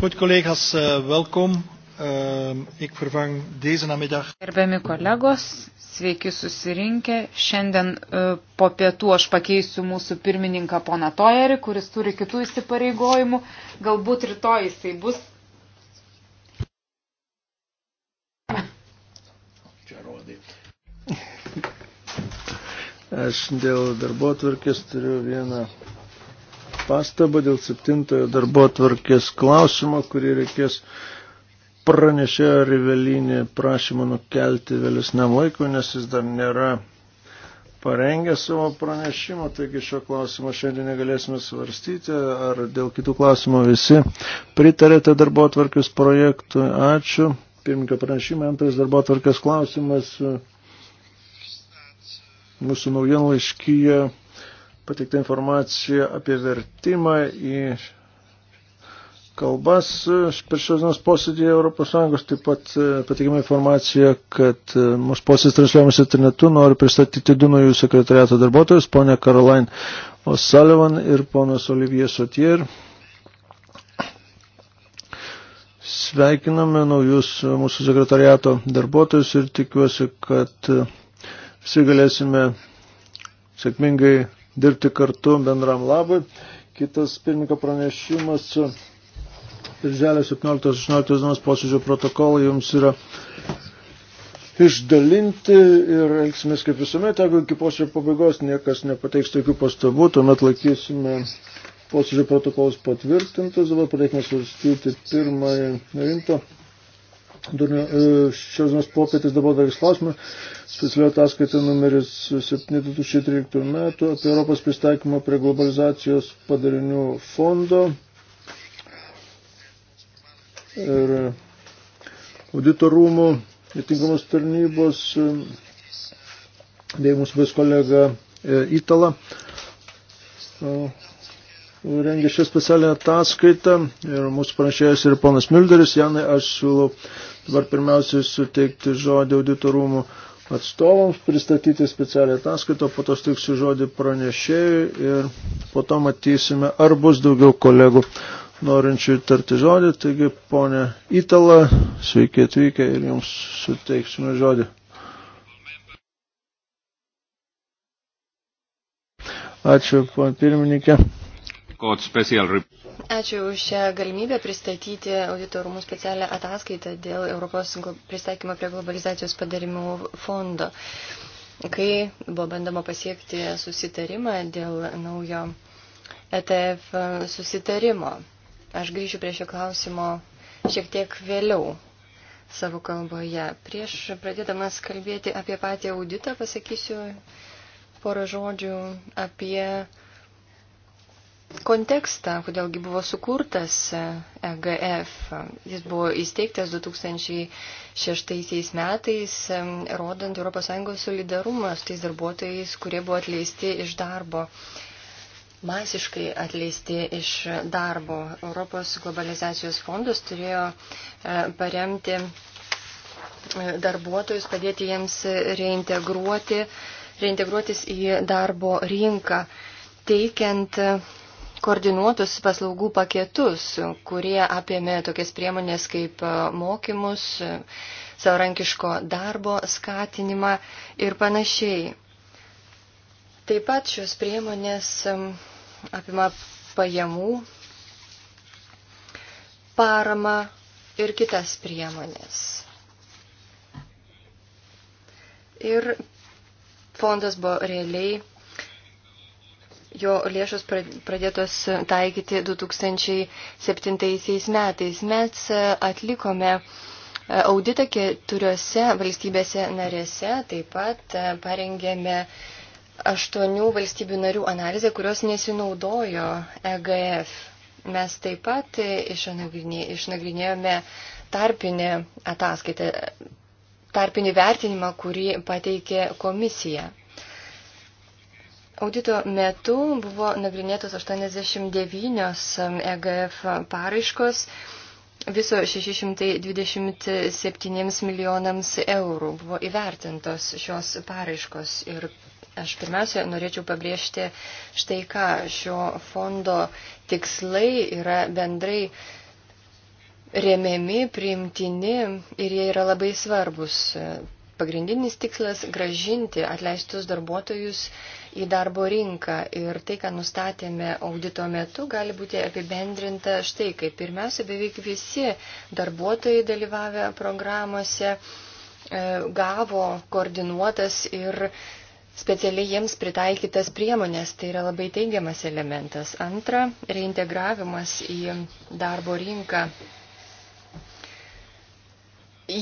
Goed, collega's, eh, welkom. Eh, ik vervang deze namiddag. Gerbiami kolegos, sveiki susirinkę. Šiandien eh, po pietų aš pakeisiu mūsų pirmininką poną Tojerį, kuris turi kitų įsipareigojimų. Galbūt rytoj jisai bus. Aš dėl darbo tvarkės turiu vieną pastabą dėl septintojo darbo tvarkės klausimo, kurį reikės pranešėjo Rivelinį prašymą nukelti vėlesniam laikui, nes jis dar nėra parengę savo pranešimą, taigi šio klausimo šiandien negalėsime svarstyti, ar dėl kitų klausimų visi pritarėte darbo tvarkius projektui. Ačiū. Pirmininkio pranešimai, antras darbo tvarkės klausimas mūsų naujienlaiškyje pateikta informacija apie vertimą į kalbas per šios dienos posėdį ES, taip pat e, pateikima informacija, kad e, mūsų posėdis transliuojamas internetu, noriu pristatyti du naujų sekretariato darbuotojus, ponė Karolain O'Sullivan ir ponas Olivier Sotier. Sveikiname naujus mūsų sekretariato darbuotojus ir tikiuosi, kad e, visi galėsime sėkmingai dirbti kartu bendram labui. Kitas pirmininko pranešimas. Birželio 17-18 dienos posėdžio protokolai jums yra išdalinti ir elgsimės kaip visuomet, jeigu iki posėdžio pabaigos niekas nepateiks tokių pastabų, tuomet laikysime posėdžio protokolus patvirtintus, dabar pradėkime svarstyti pirmąjį rimto E, šios dienos popietės dabar dar klausimą, specialioje ataskaita numeris 7.2013 metų apie Europos pristaikymą prie globalizacijos padarinių fondo. Ir auditorumų, įtinkamos tarnybos, bei mūsų vis kolega e, Itala e, rengė šią specialią ataskaitą ir mūsų pranešėjas yra ponas Milderis. Janai, aš siūlau Dabar pirmiausiai suteikti žodį auditorumų atstovams, pristatyti specialią ataskaitą, po to steiksiu žodį pranešėjui ir po to matysime, ar bus daugiau kolegų norinčių tarti žodį. Taigi, ponė Itala, sveiki atvykę ir jums suteiksime žodį. Ačiū, ponė pirmininkė. Kod special report. Ačiū už šią galimybę pristatyti auditorumų specialią ataskaitą dėl Europos pristaikymo prie globalizacijos padarimų fondo. Kai buvo bandoma pasiekti susitarimą dėl naujo ETF susitarimo, aš grįšiu prie šio klausimo šiek tiek vėliau savo kalboje. Prieš pradėdamas kalbėti apie patį auditą pasakysiu porą žodžių apie kontekstą, kodėlgi buvo sukurtas EGF. E Jis buvo įsteigtas 2006 metais, e, rodant ES solidarumą su tais darbuotojais, kurie buvo atleisti iš darbo masiškai atleisti iš darbo. Europos globalizacijos fondas turėjo e, paremti darbuotojus, padėti jiems reintegruoti, reintegruotis į darbo rinką, teikiant koordinuotus paslaugų paketus, kurie apėmė tokias priemonės kaip e, mokymus, e, savarankiško darbo skatinimą ir panašiai. Taip pat šios priemonės e, apima pajamų, paramą ir kitas priemonės. Ir fondas buvo realiai jo lėšos pradėtos taikyti 2007 metais. Mes atlikome auditą keturiose valstybėse narėse, taip pat parengėme aštuonių valstybių narių analizę, kurios nesinaudojo EGF. Mes taip pat išnagrinėjome tarpinę ataskaitą, tarpinį vertinimą, kurį pateikė komisija. Audito metu buvo nagrinėtos 89 um, EGF paraiškos viso 627 milijonams eurų buvo įvertintos šios paraiškos. Ir aš pirmiausia norėčiau pabrėžti štai ką šio fondo tikslai yra bendrai remiami, priimtini ir jie yra labai svarbus. Pagrindinis tikslas - gražinti atleistus darbuotojus į darbo rinką. Ir tai, ką nustatėme audito metu, gali būti apibendrinta štai kaip. Pirmiausia, beveik visi darbuotojai dalyvavę programuose e, gavo koordinuotas ir specialiai jiems pritaikytas priemonės. Tai yra labai teigiamas elementas. Antra, reintegravimas į darbo rinką.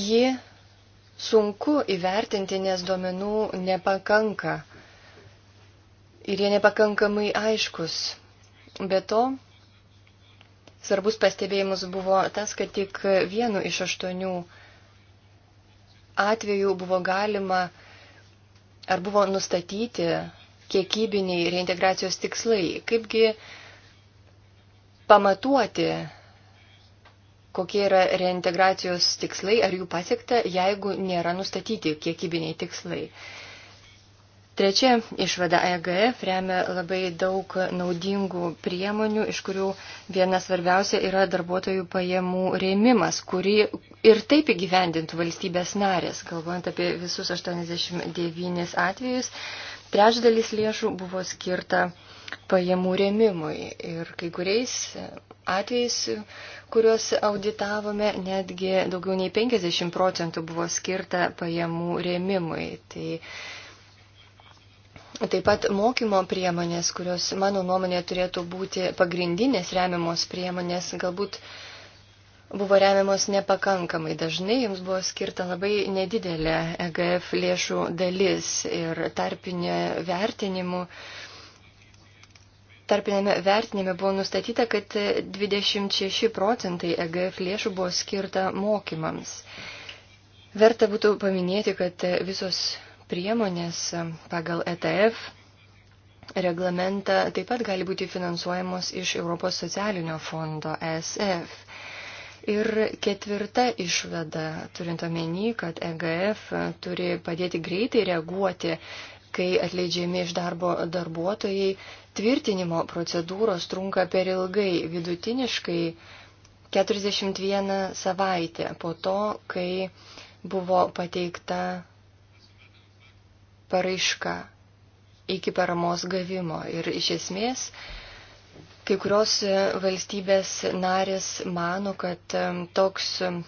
Ji sunku įvertinti, nes duomenų nepakanka ir jie nepakankamai aiškus. Be to, svarbus pastebėjimus buvo tas, kad tik vienu iš aštuonių atvejų buvo galima ar buvo nustatyti kiekybiniai reintegracijos tikslai. Kaipgi pamatuoti kokie yra reintegracijos tikslai, ar jų pasiekta, jeigu nėra nustatyti kiekybiniai tikslai. Trečia išvada EGF remia labai daug naudingų priemonių, iš kurių viena svarbiausia yra darbuotojų pajamų rėmimas, kurį ir taip įgyvendintų valstybės narės, kalbant apie visus 89 atvejus. Trečdalis lėšų buvo skirta uh, pajamų rėmimui. Ir kai kuriais atvejais, kuriuos auditavome, netgi daugiau nei 50 procentų buvo skirta pajamų rėmimui. Tai taip pat mokymo priemonės, kurios mano nuomonė turėtų būti pagrindinės remiamos priemonės, galbūt buvo remiamos nepakankamai. Dažnai jums buvo skirta labai nedidelė EGF lėšų dalis ir tarpinė vertinimų tarpinėme vertinime buvo nustatyta, kad 26 procentai EGF lėšų buvo skirta mokymams. Verta būtų paminėti, kad visos priemonės pagal ETF reglamentą taip pat gali būti finansuojamos iš Europos socialinio fondo ESF. Ir ketvirta išvada, turint omeny, kad EGF turi padėti greitai reaguoti kai atleidžiami iš darbo darbuotojai, tvirtinimo procedūros trunka per ilgai, vidutiniškai 41 savaitę po to, kai buvo pateikta paraiška iki paramos gavimo. Ir iš esmės, kai kurios valstybės narės mano, kad um, toks um,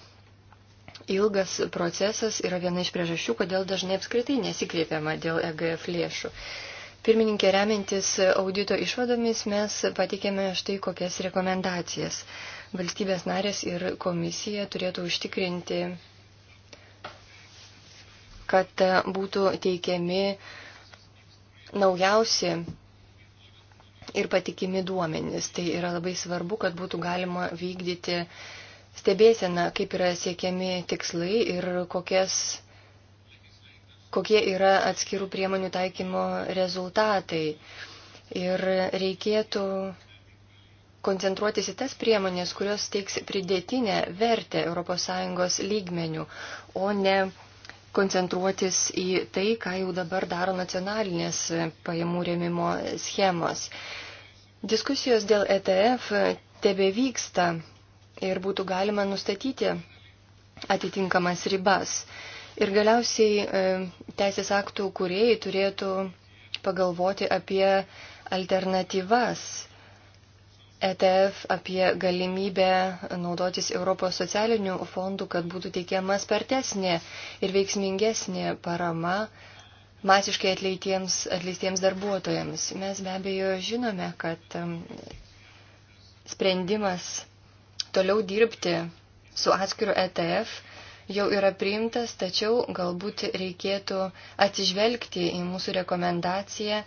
ilgas procesas yra viena iš priežasčių, kodėl dažnai apskritai nesikreipiama dėl EGF lėšų. Pirmininkė remiantis audito išvadomis mes patikėme štai kokias rekomendacijas. Valstybės narės ir komisija turėtų užtikrinti, kad būtų teikiami naujausi ir patikimi duomenys. Tai yra labai svarbu, kad būtų galima vykdyti uh, stebėsena, kaip yra siekiami tikslai ir kokias, kokie yra atskirų priemonių taikymo rezultatai. Ir reikėtų koncentruotis į tas priemonės, kurios teiks pridėtinę vertę ES lygmenių, o ne koncentruotis į tai, ką jau dabar daro nacionalinės pajamų rėmimo schemos. Diskusijos dėl ETF tebe vyksta ir būtų galima nustatyti atitinkamas ribas. Ir galiausiai e, teisės aktų kuriejai turėtų pagalvoti apie alternatyvas ETF, apie galimybę naudotis Europos socialinių fondų, kad būtų teikiama spartesnė ir veiksmingesnė parama masiškai atleitiems, atleistiems darbuotojams. Mes be abejo žinome, kad e, sprendimas toliau dirbti su atskiru ETF jau yra priimtas, tačiau galbūt reikėtų atsižvelgti į mūsų rekomendaciją,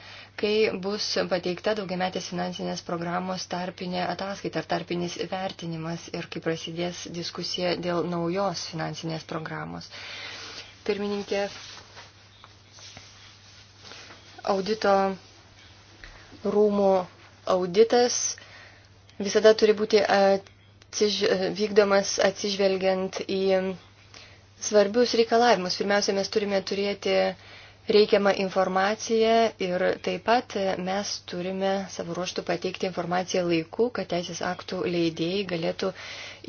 kai bus pateikta daugiametės finansinės programos tarpinė ataskaita ar tarpinis vertinimas ir kai prasidės diskusija dėl naujos finansinės programos. Pirmininkė, audito rūmų auditas visada turi būti at atsiž vykdomas atsižvelgiant į svarbius reikalavimus. Pirmiausia, mes turime turėti reikiamą informaciją ir taip pat mes turime savo ruoštų pateikti informaciją laiku, kad teisės aktų leidėjai galėtų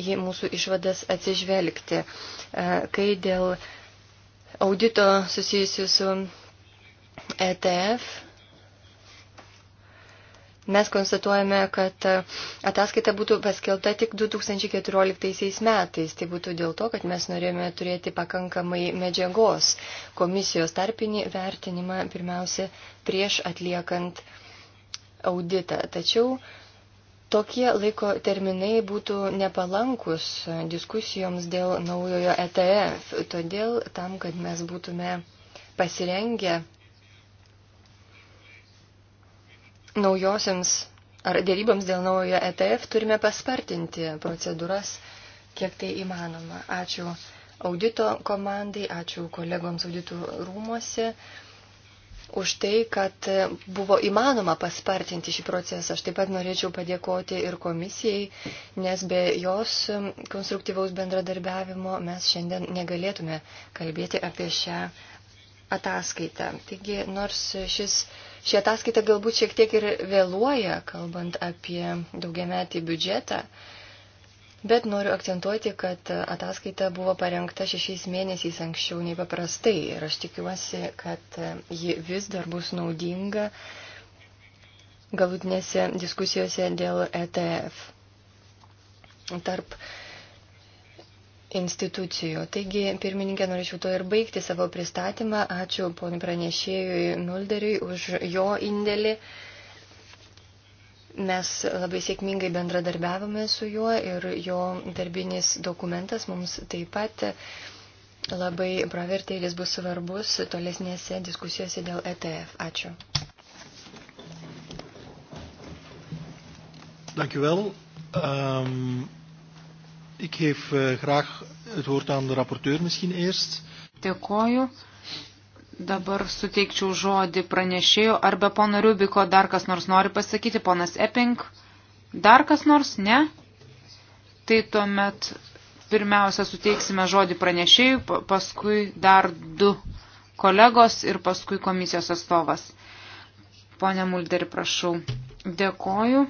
į mūsų išvadas atsižvelgti. E, kai dėl audito susijusiu su ETF Mes konstatuojame, kad ataskaita būtų paskelbta tik 2014 metais. Tai būtų dėl to, kad mes norėjome turėti pakankamai medžiagos komisijos tarpinį vertinimą pirmiausia prieš atliekant auditą. Tačiau tokie laiko terminai būtų nepalankus diskusijoms dėl naujojo ETF. Todėl tam, kad mes būtume pasirengę naujosiams ar dėryboms dėl naujo ETF turime paspartinti procedūras, kiek tai įmanoma. Ačiū audito komandai, ačiū kolegoms auditų rūmose už tai, kad buvo įmanoma paspartinti šį procesą. Aš taip pat norėčiau padėkoti ir komisijai, nes be jos konstruktyvaus bendradarbiavimo mes šiandien negalėtume kalbėti apie šią ataskaitą. Taigi, nors šis Ši ataskaita galbūt šiek tiek ir vėluoja, kalbant apie daugiametį biudžetą, bet noriu akcentuoti, kad ataskaita buvo parengta šešiais mėnesiais anksčiau nei paprastai ir aš tikiuosi, kad ji vis dar bus naudinga galutinėse diskusijose dėl ETF. Tarp institucijų. Taigi, pirmininkė, norėčiau to ir baigti savo pristatymą. Ačiū ponui pranešėjui Mulderiui už jo indėlį. Mes labai sėkmingai bendradarbiavome su juo ir jo darbinis dokumentas mums taip pat labai pravertė ir jis bus svarbus tolesnėse diskusijose dėl ETF. Ačiū. Dank u wel. Um, Ik geef uh, graag het woord aan de rapporteur misschien eerst. Dėkoju. Dabar suteikčiau žodį pranešėjo. Ar be pono Rubiko dar kas nors nori pasakyti, ponas Epping? Dar kas nors? Ne? Tai tuomet pirmiausia suteiksime žodį pranešėjų, paskui dar du kolegos ir paskui komisijos atstovas. Pone Mulderi, prašau. Dėkoju.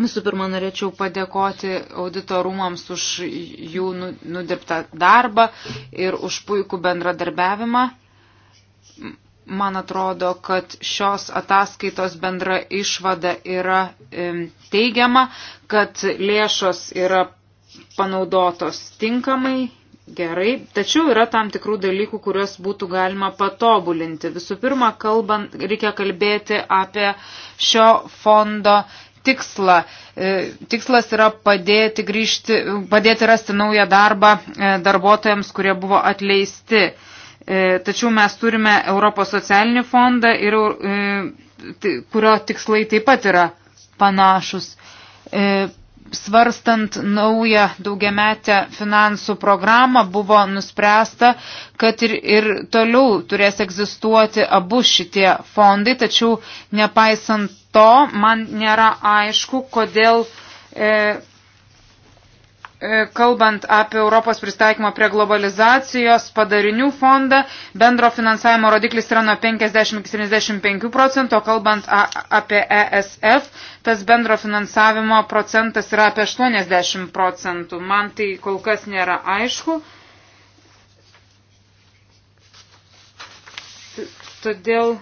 Visų pirma, norėčiau padėkoti auditorumams už jų nu, nudirbtą darbą ir už puikų bendradarbiavimą. Man atrodo, kad šios ataskaitos bendra išvada yra teigiama, kad lėšos yra panaudotos tinkamai, gerai, tačiau yra tam tikrų dalykų, kuriuos būtų galima patobulinti. Visų pirma, kalbant, reikia kalbėti apie šio fondo tikslą. E, tikslas yra padėti, grįžti, padėti rasti naują darbą e, darbuotojams, kurie buvo atleisti. E, tačiau mes turime Europos socialinį fondą, ir, kurio tikslai taip pat yra panašus svarstant naują daugiametę finansų programą buvo nuspręsta, kad ir, ir toliau turės egzistuoti abu šitie fondai, tačiau nepaisant to, man nėra aišku, kodėl e, E, kalbant apie Europos pristaikymą prie globalizacijos padarinių fondą, bendro finansavimo rodiklis yra nuo 50 iki 75 procentų, o kalbant apie ESF, tas bendro finansavimo procentas yra apie 80 procentų. Man tai kol kas nėra aišku. Todėl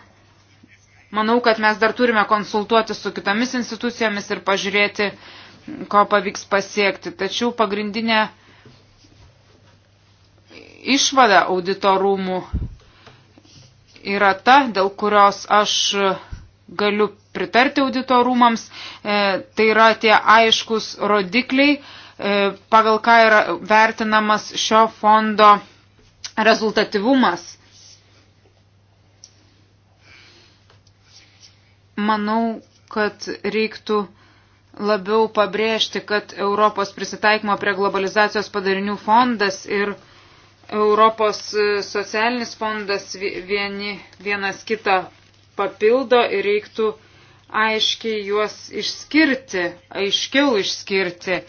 manau, kad mes dar turime konsultuoti su kitomis institucijomis ir pažiūrėti, uh, ko pavyks pasiekti. Tačiau pagrindinė išvada auditorumų yra ta, dėl kurios aš galiu pritarti auditorumams, e, tai yra tie aiškus rodikliai, e, pagal ką yra vertinamas šio fondo rezultatyvumas. Manau, kad reiktų labiau pabrėžti, kad Europos prisitaikymo prie globalizacijos padarinių fondas ir Europos e, socialinis fondas vieni, vienas kitą papildo ir reiktų aiškiai juos išskirti, aiškiau išskirti.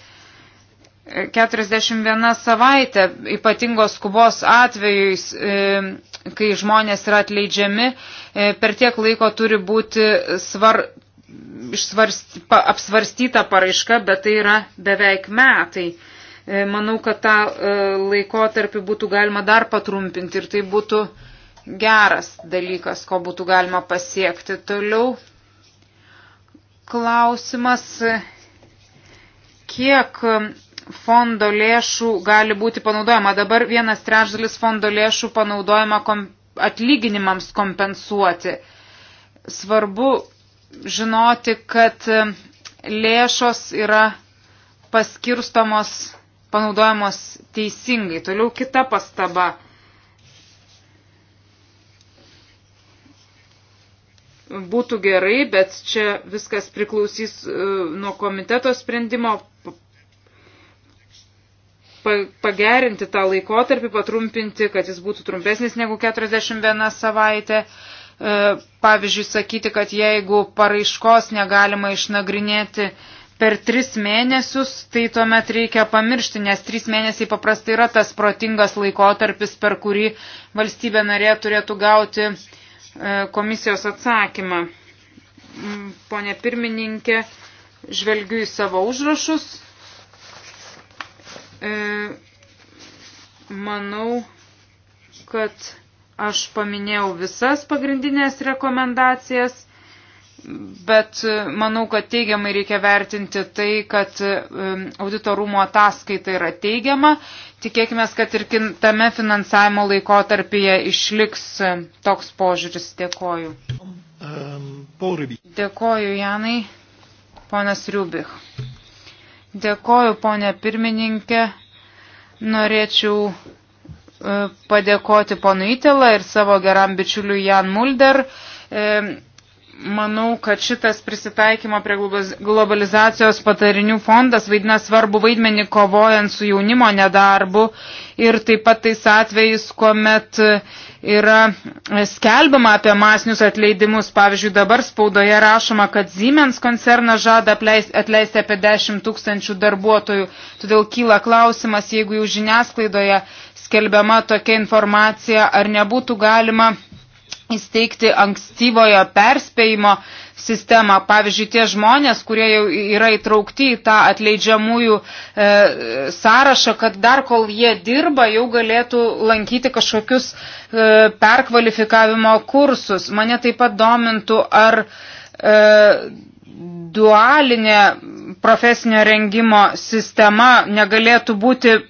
41 e, savaitė ypatingos skubos atvejais, e, kai žmonės yra atleidžiami, per tiek laiko turi būti svar, išsvarst, pa, apsvarstyta paraiška, bet tai yra beveik metai. E, manau, kad tą e, laikotarpį būtų galima dar patrumpinti ir tai būtų geras dalykas, ko būtų galima pasiekti. Toliau klausimas, kiek fondo lėšų gali būti panaudojama. Dabar vienas trečdalis fondo lėšų panaudojama kom, atlyginimams kompensuoti. Svarbu žinoti, kad e, lėšos yra paskirstomos, panaudojamos teisingai. Toliau kita pastaba. Būtų gerai, bet čia viskas priklausys e, nuo komiteto sprendimo pagerinti tą laikotarpį, patrumpinti, kad jis būtų trumpesnis negu 41 savaitė. E, pavyzdžiui, sakyti, kad jeigu paraiškos negalima išnagrinėti per tris mėnesius, tai tuomet reikia pamiršti, nes trys mėnesiai paprastai yra tas protingas laikotarpis, per kurį valstybė narė turėtų gauti e, komisijos atsakymą. Mm, Pone pirmininkė, žvelgiu į savo užrašus. E, manau, kad Aš paminėjau visas pagrindinės rekomendacijas, bet e, manau, kad teigiamai reikia vertinti tai, kad e, auditorumo ataskaita yra teigiama. Tikėkime, kad ir tame finansavimo laikotarpyje išliks e, toks požiūris. Dėkoju. Dėkoju, Janai. Ponas Riubich. Dėkoju, ponė pirmininkė. Norėčiau E, padėkoti ponui Itelą ir savo geram bičiuliui Jan Mulder. E, manau, kad šitas prisitaikymo prie globalizacijos patarinių fondas vaidina svarbu vaidmenį kovojant su jaunimo nedarbu ir taip pat tais atvejais, kuomet yra skelbiama apie masinius atleidimus. Pavyzdžiui, dabar spaudoje rašoma, kad Siemens koncernas žada atleisti apie 10 tūkstančių darbuotojų. Todėl kyla klausimas, jeigu jau žiniasklaidoje skelbiama tokia informacija, ar nebūtų galima įsteigti ankstyvojo perspėjimo sistemą. Pavyzdžiui, tie žmonės, kurie jau yra įtraukti į tą atleidžiamųjų e, sąrašą, kad dar kol jie dirba, jau galėtų lankyti kažkokius e, perkvalifikavimo kursus. Mane taip pat domintų, ar e, dualinė profesinio rengimo sistema negalėtų būti e,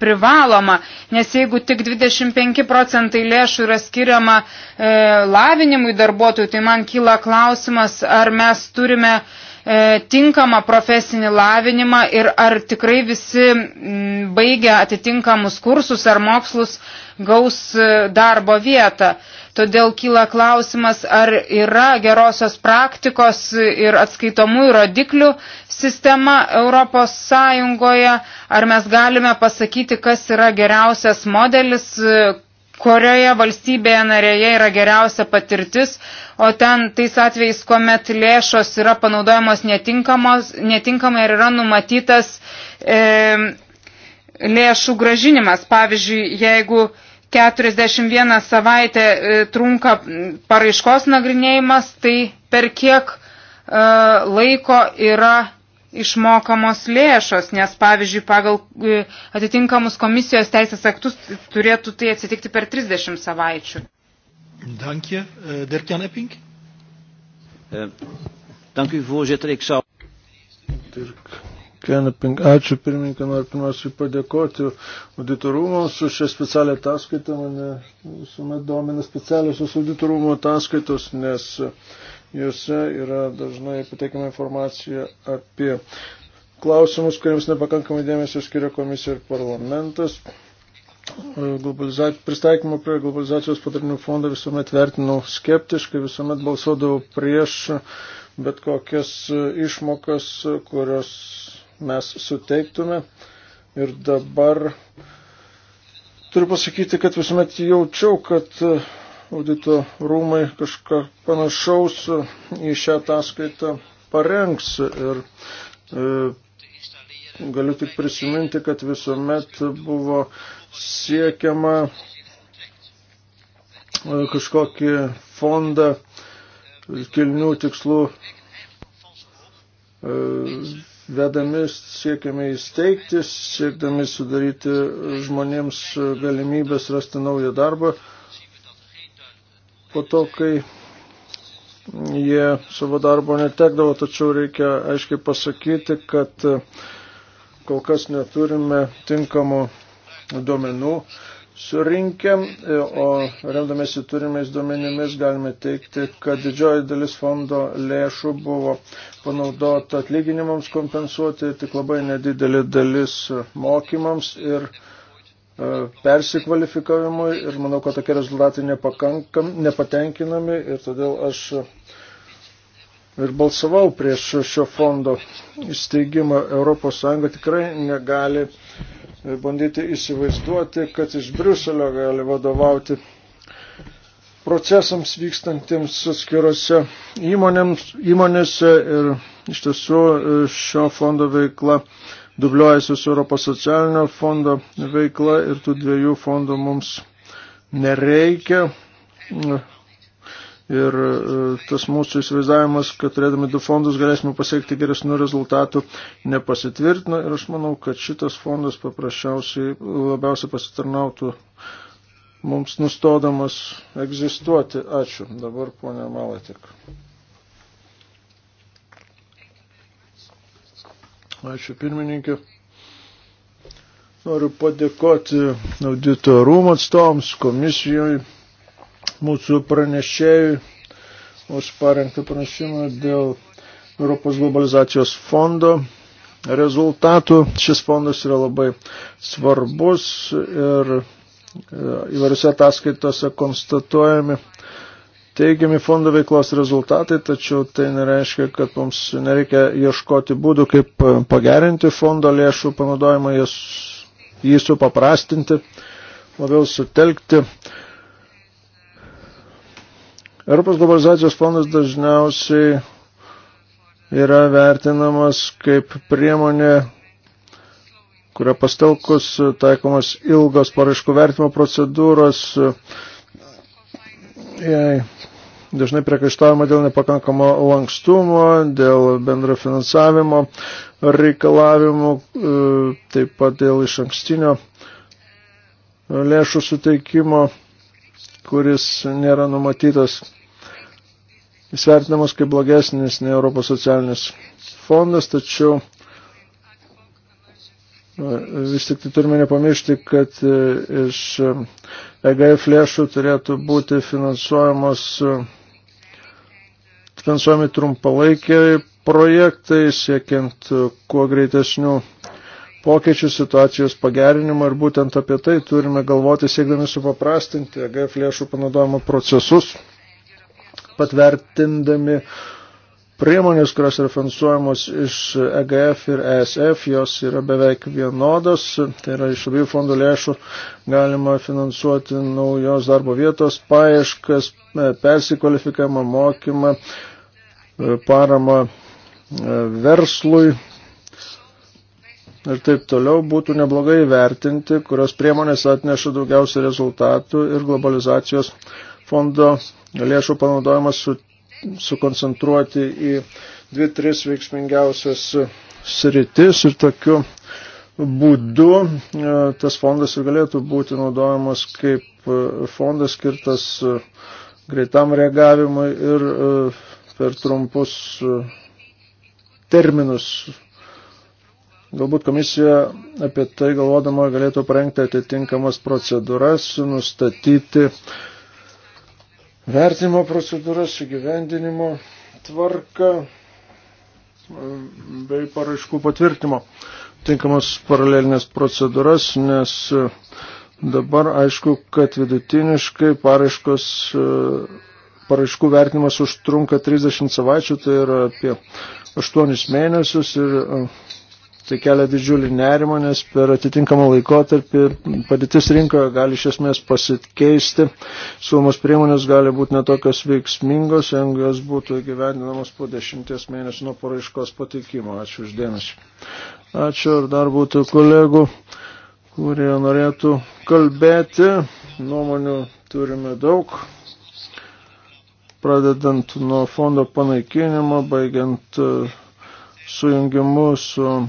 privaloma, nes jeigu tik 25 procentai lėšų yra skiriama e, lavinimui darbuotojų, tai man kyla klausimas, ar mes turime e, tinkamą profesinį lavinimą ir ar tikrai visi baigia atitinkamus kursus ar mokslus gaus darbo vietą. Todėl kyla klausimas, ar yra gerosios praktikos ir atskaitomųjų rodiklių sistema Europos Sąjungoje, ar mes galime pasakyti, kas yra geriausias modelis, kurioje valstybėje narėje yra geriausia patirtis, o ten tais atvejais, kuomet lėšos yra panaudojamos netinkamai ir yra numatytas e, lėšų gražinimas. Pavyzdžiui, jeigu 41 savaitę e, trunka paraiškos nagrinėjimas, tai per kiek e, laiko yra išmokamos lėšos, nes pavyzdžiui, pagal e, atitinkamus komisijos teisės aktus turėtų tai atsitikti per 30 savaičių. Dankje. Der Kenneping? E, dank u voorzitter. Ik zou... Dirk Kenneping, ačiū pirmininką, noriu pirmiausiai padėkoti auditorumams už šią specialią ataskaitą. Mane visuomet domina specialiosios auditorumo ataskaitos, nes uh, Juose yra dažnai pateikiama informacija apie klausimus, kuriems nepakankamai dėmesio skiria komisija ir parlamentas. Globalizac... Pristaikymą prie globalizacijos padarinių fondo visuomet vertinau skeptiškai, visuomet balsuodavau prieš bet kokias išmokas, kurios mes suteiktume. Ir dabar turiu pasakyti, kad visuomet jaučiau, kad audito rūmai kažką panašaus į šią ataskaitą parengs. Ir e, galiu tik prisiminti, kad visuomet buvo siekiama e, kažkokį fondą kilnių tikslų e, vedami siekiame įsteigti, siekdami sudaryti žmonėms galimybės rasti naują darbą po to, kai jie savo darbo netekdavo, tačiau reikia aiškiai pasakyti, kad e, kol kas neturime tinkamų duomenų surinkę, e, o remdamėsi turimais duomenimis galime teikti, kad didžioji dalis fondo lėšų buvo panaudota atlyginimams kompensuoti, tik labai nedidelė dalis mokymams ir E, persikvalifikavimui ir manau, kad tokie rezultatai nepatenkinami ir todėl aš ir balsavau prieš šio fondo įsteigimą. ES tikrai negali bandyti įsivaizduoti, kad iš Briuselio gali vadovauti procesams vykstantiems atskirose įmonėse ir iš tiesų šio fondo veikla dubliuojasi su Europos socialinio fondo veikla ir tų dviejų fondų mums nereikia. Ir e, tas mūsų įsivaizdavimas, kad turėdami du fondus galėsime pasiekti geresnių rezultatų, nepasitvirtino. Ir aš manau, kad šitas fondas paprasčiausiai labiausiai pasitarnautų mums nustodamas egzistuoti. Ačiū. Dabar ponia Malatik. Ačiū pirmininkė. Noriu padėkoti audito rūmų atstovams, komisijoje, mūsų pranešėjui už parengtą pranešimą dėl Europos globalizacijos fondo rezultatų. Šis fondas yra labai svarbus ir e, įvairiose ataskaitose konstatuojami teigiami fondo veiklos rezultatai, tačiau tai nereiškia, kad mums nereikia ieškoti būdų, kaip e, pagerinti fondo lėšų panaudojimą, jas, jį supaprastinti, labiau sutelkti. Europos globalizacijos fondas dažniausiai yra vertinamas kaip priemonė, kuria pastelkus taikomas ilgos paraiškų vertimo procedūros, jei dažnai priekaištavimo dėl nepakankamo lankstumo, dėl bendro finansavimo reikalavimų, e, taip pat dėl iš ankstinio lėšų suteikimo, kuris nėra numatytas, svertinamas kaip blogesnis nei Europos socialinis fondas, tačiau e, Vis tik tai turime nepamiršti, kad e, iš EGF lėšų turėtų būti finansuojamos finansuojami trumpalaikiai projektai, siekiant kuo greitesnių pokyčių situacijos pagerinimą ir būtent apie tai turime galvoti siekdami supaprastinti AGF e lėšų panaudojimo procesus, patvertindami priemonės, kurios yra finansuojamos iš EGF ir ESF, jos yra beveik vienodos, tai yra iš abiejų fondų lėšų galima finansuoti naujos darbo vietos, paieškas, persikvalifikavimą, mokymą, paramą e, verslui ir taip toliau būtų neblogai vertinti, kurios priemonės atneša daugiausia rezultatų ir globalizacijos fondo lėšų panaudojimas su, sukoncentruoti į dvi, tris veiksmingiausias sritis ir tokiu būdu e, tas fondas ir galėtų būti naudojamas kaip e, fondas skirtas greitam reagavimui ir per trumpus e, terminus. Galbūt komisija apie tai galvodama galėtų parengti atitinkamas procedūras, nustatyti vertimo procedūras, įgyvendinimo tvarką e, bei paraiškų patvirtimo. Tinkamas paralelinės procedūras, nes e, dabar aišku, kad vidutiniškai paraiškos paraiškų vertinimas užtrunka 30 savaičių, tai yra apie 8 mėnesius ir e, tai kelia didžiulį nerimą, nes per atitinkamą laikotarpį padėtis rinkoje gali iš esmės pasikeisti, siūlomos priemonės gali būti netokios veiksmingos, jeigu jos būtų gyvendinamos po 10 mėnesių nuo paraiškos patikimo. Ačiū uždėmesi. Ačiū ir dar būtų kolegų, kurie norėtų kalbėti. Nuomonių turime daug pradedant nuo fondo panaikinimo, baigiant e, sujungimu su e,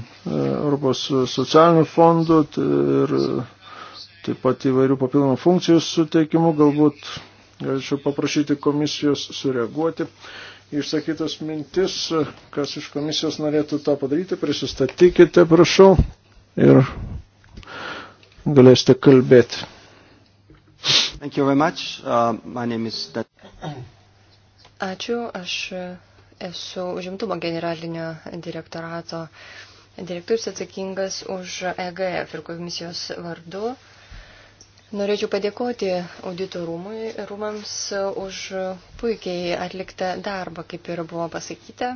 Europos socialiniu fondu tai ir e, taip pat įvairių papildomų funkcijų suteikimu. Galbūt galėčiau paprašyti komisijos sureaguoti. Išsakytas mintis, kas iš komisijos norėtų tą padaryti, prisistatykite, prašau, ir galėsite kalbėti. Thank you very much. Uh, my name is... Ačiū, aš esu užimtumo generalinio direktorato direktorius atsakingas už EGF ir komisijos vardu. Norėčiau padėkoti audito rūmui, rūmams už puikiai atliktą darbą, kaip ir buvo pasakyta.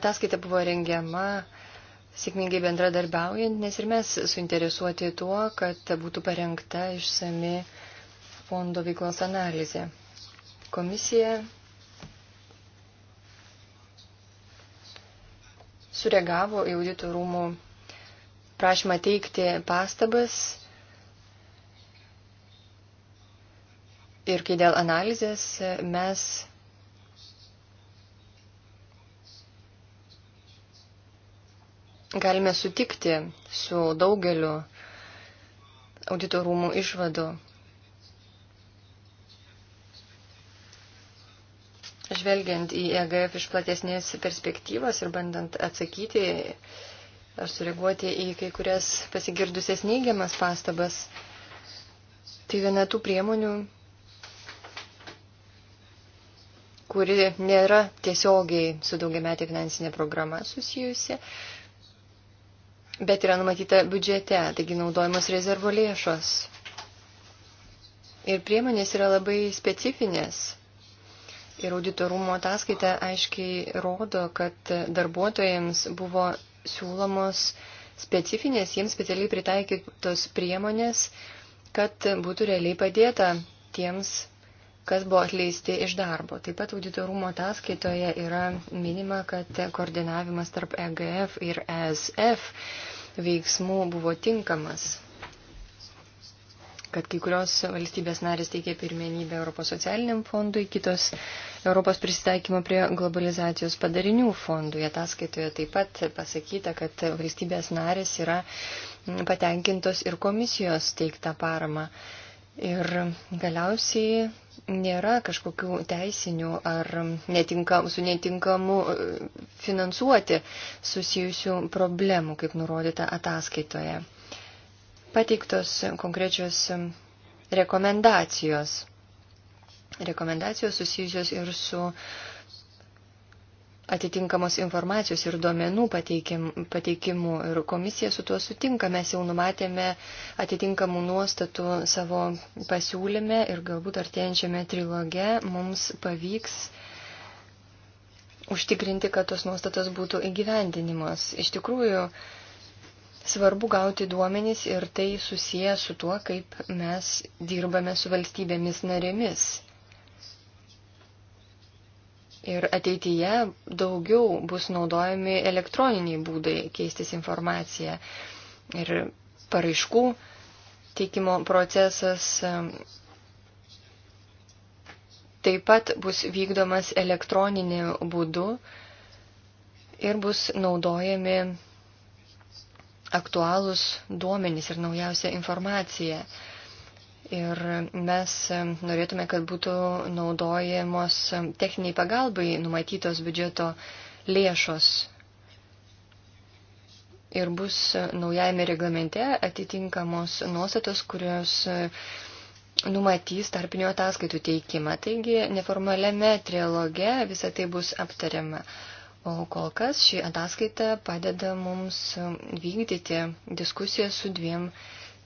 Ataskaita buvo rengiama sėkmingai bendradarbiaujant, nes ir mes suinteresuoti tuo, kad būtų parengta išsami fondo veiklos analizė. Komisija sureagavo į audito rūmų prašymą teikti pastabas ir kai dėl analizės mes galime sutikti su daugeliu auditorumų išvadų. Žvelgiant į EGF iš platesnės perspektyvos ir bandant atsakyti ar sureaguoti į kai kurias pasigirdusias neigiamas pastabas, tai viena tų priemonių, kuri nėra tiesiogiai su daugiametė finansinė programa susijusi, bet yra numatyta biudžete, taigi naudojamos rezervo lėšos. Ir priemonės yra labai specifinės. Ir auditorumo ataskaita aiškiai rodo, kad darbuotojams buvo siūlomos specifinės, jiems specialiai pritaikytos priemonės, kad būtų realiai padėta tiems, kas buvo atleisti iš darbo. Taip pat auditorumo ataskaitoje yra minima, kad koordinavimas tarp EGF ir ESF veiksmų buvo tinkamas kad kai kurios valstybės narės teikia pirmenybę Europos socialiniam fondui, kitos Europos prisitaikymo prie globalizacijos padarinių fondui. Ataskaitoje taip pat pasakyta, kad valstybės narės yra patenkintos ir komisijos teiktą paramą. Ir galiausiai nėra kažkokių teisinių ar netinkam, su netinkamu finansuoti susijusių problemų, kaip nurodyta ataskaitoje pateiktos konkrečios rekomendacijos. Rekomendacijos susijusios ir su atitinkamos informacijos ir duomenų pateikimu ir komisija su tuo sutinka. Mes jau numatėme atitinkamų nuostatų savo pasiūlyme ir galbūt artėjančiame triloge mums pavyks užtikrinti, kad tos nuostatos būtų įgyvendinimas. Iš tikrųjų, Svarbu gauti duomenys ir tai susiję su tuo, kaip mes dirbame su valstybėmis narėmis. Ir ateityje daugiau bus naudojami elektroniniai būdai keistis informaciją. Ir paraiškų teikimo procesas taip pat bus vykdomas elektroniniu būdu ir bus naudojami aktualūs duomenys ir naujausia informacija. Ir mes norėtume, kad būtų naudojamos techniniai pagalbai numatytos biudžeto lėšos. Ir bus naujajame reglamente atitinkamos nuostatos, kurios numatys tarpinio ataskaitų teikimą. Taigi neformaliame trialoge visą tai bus aptariama. O kol kas ši ataskaita padeda mums vykdyti diskusiją su dviem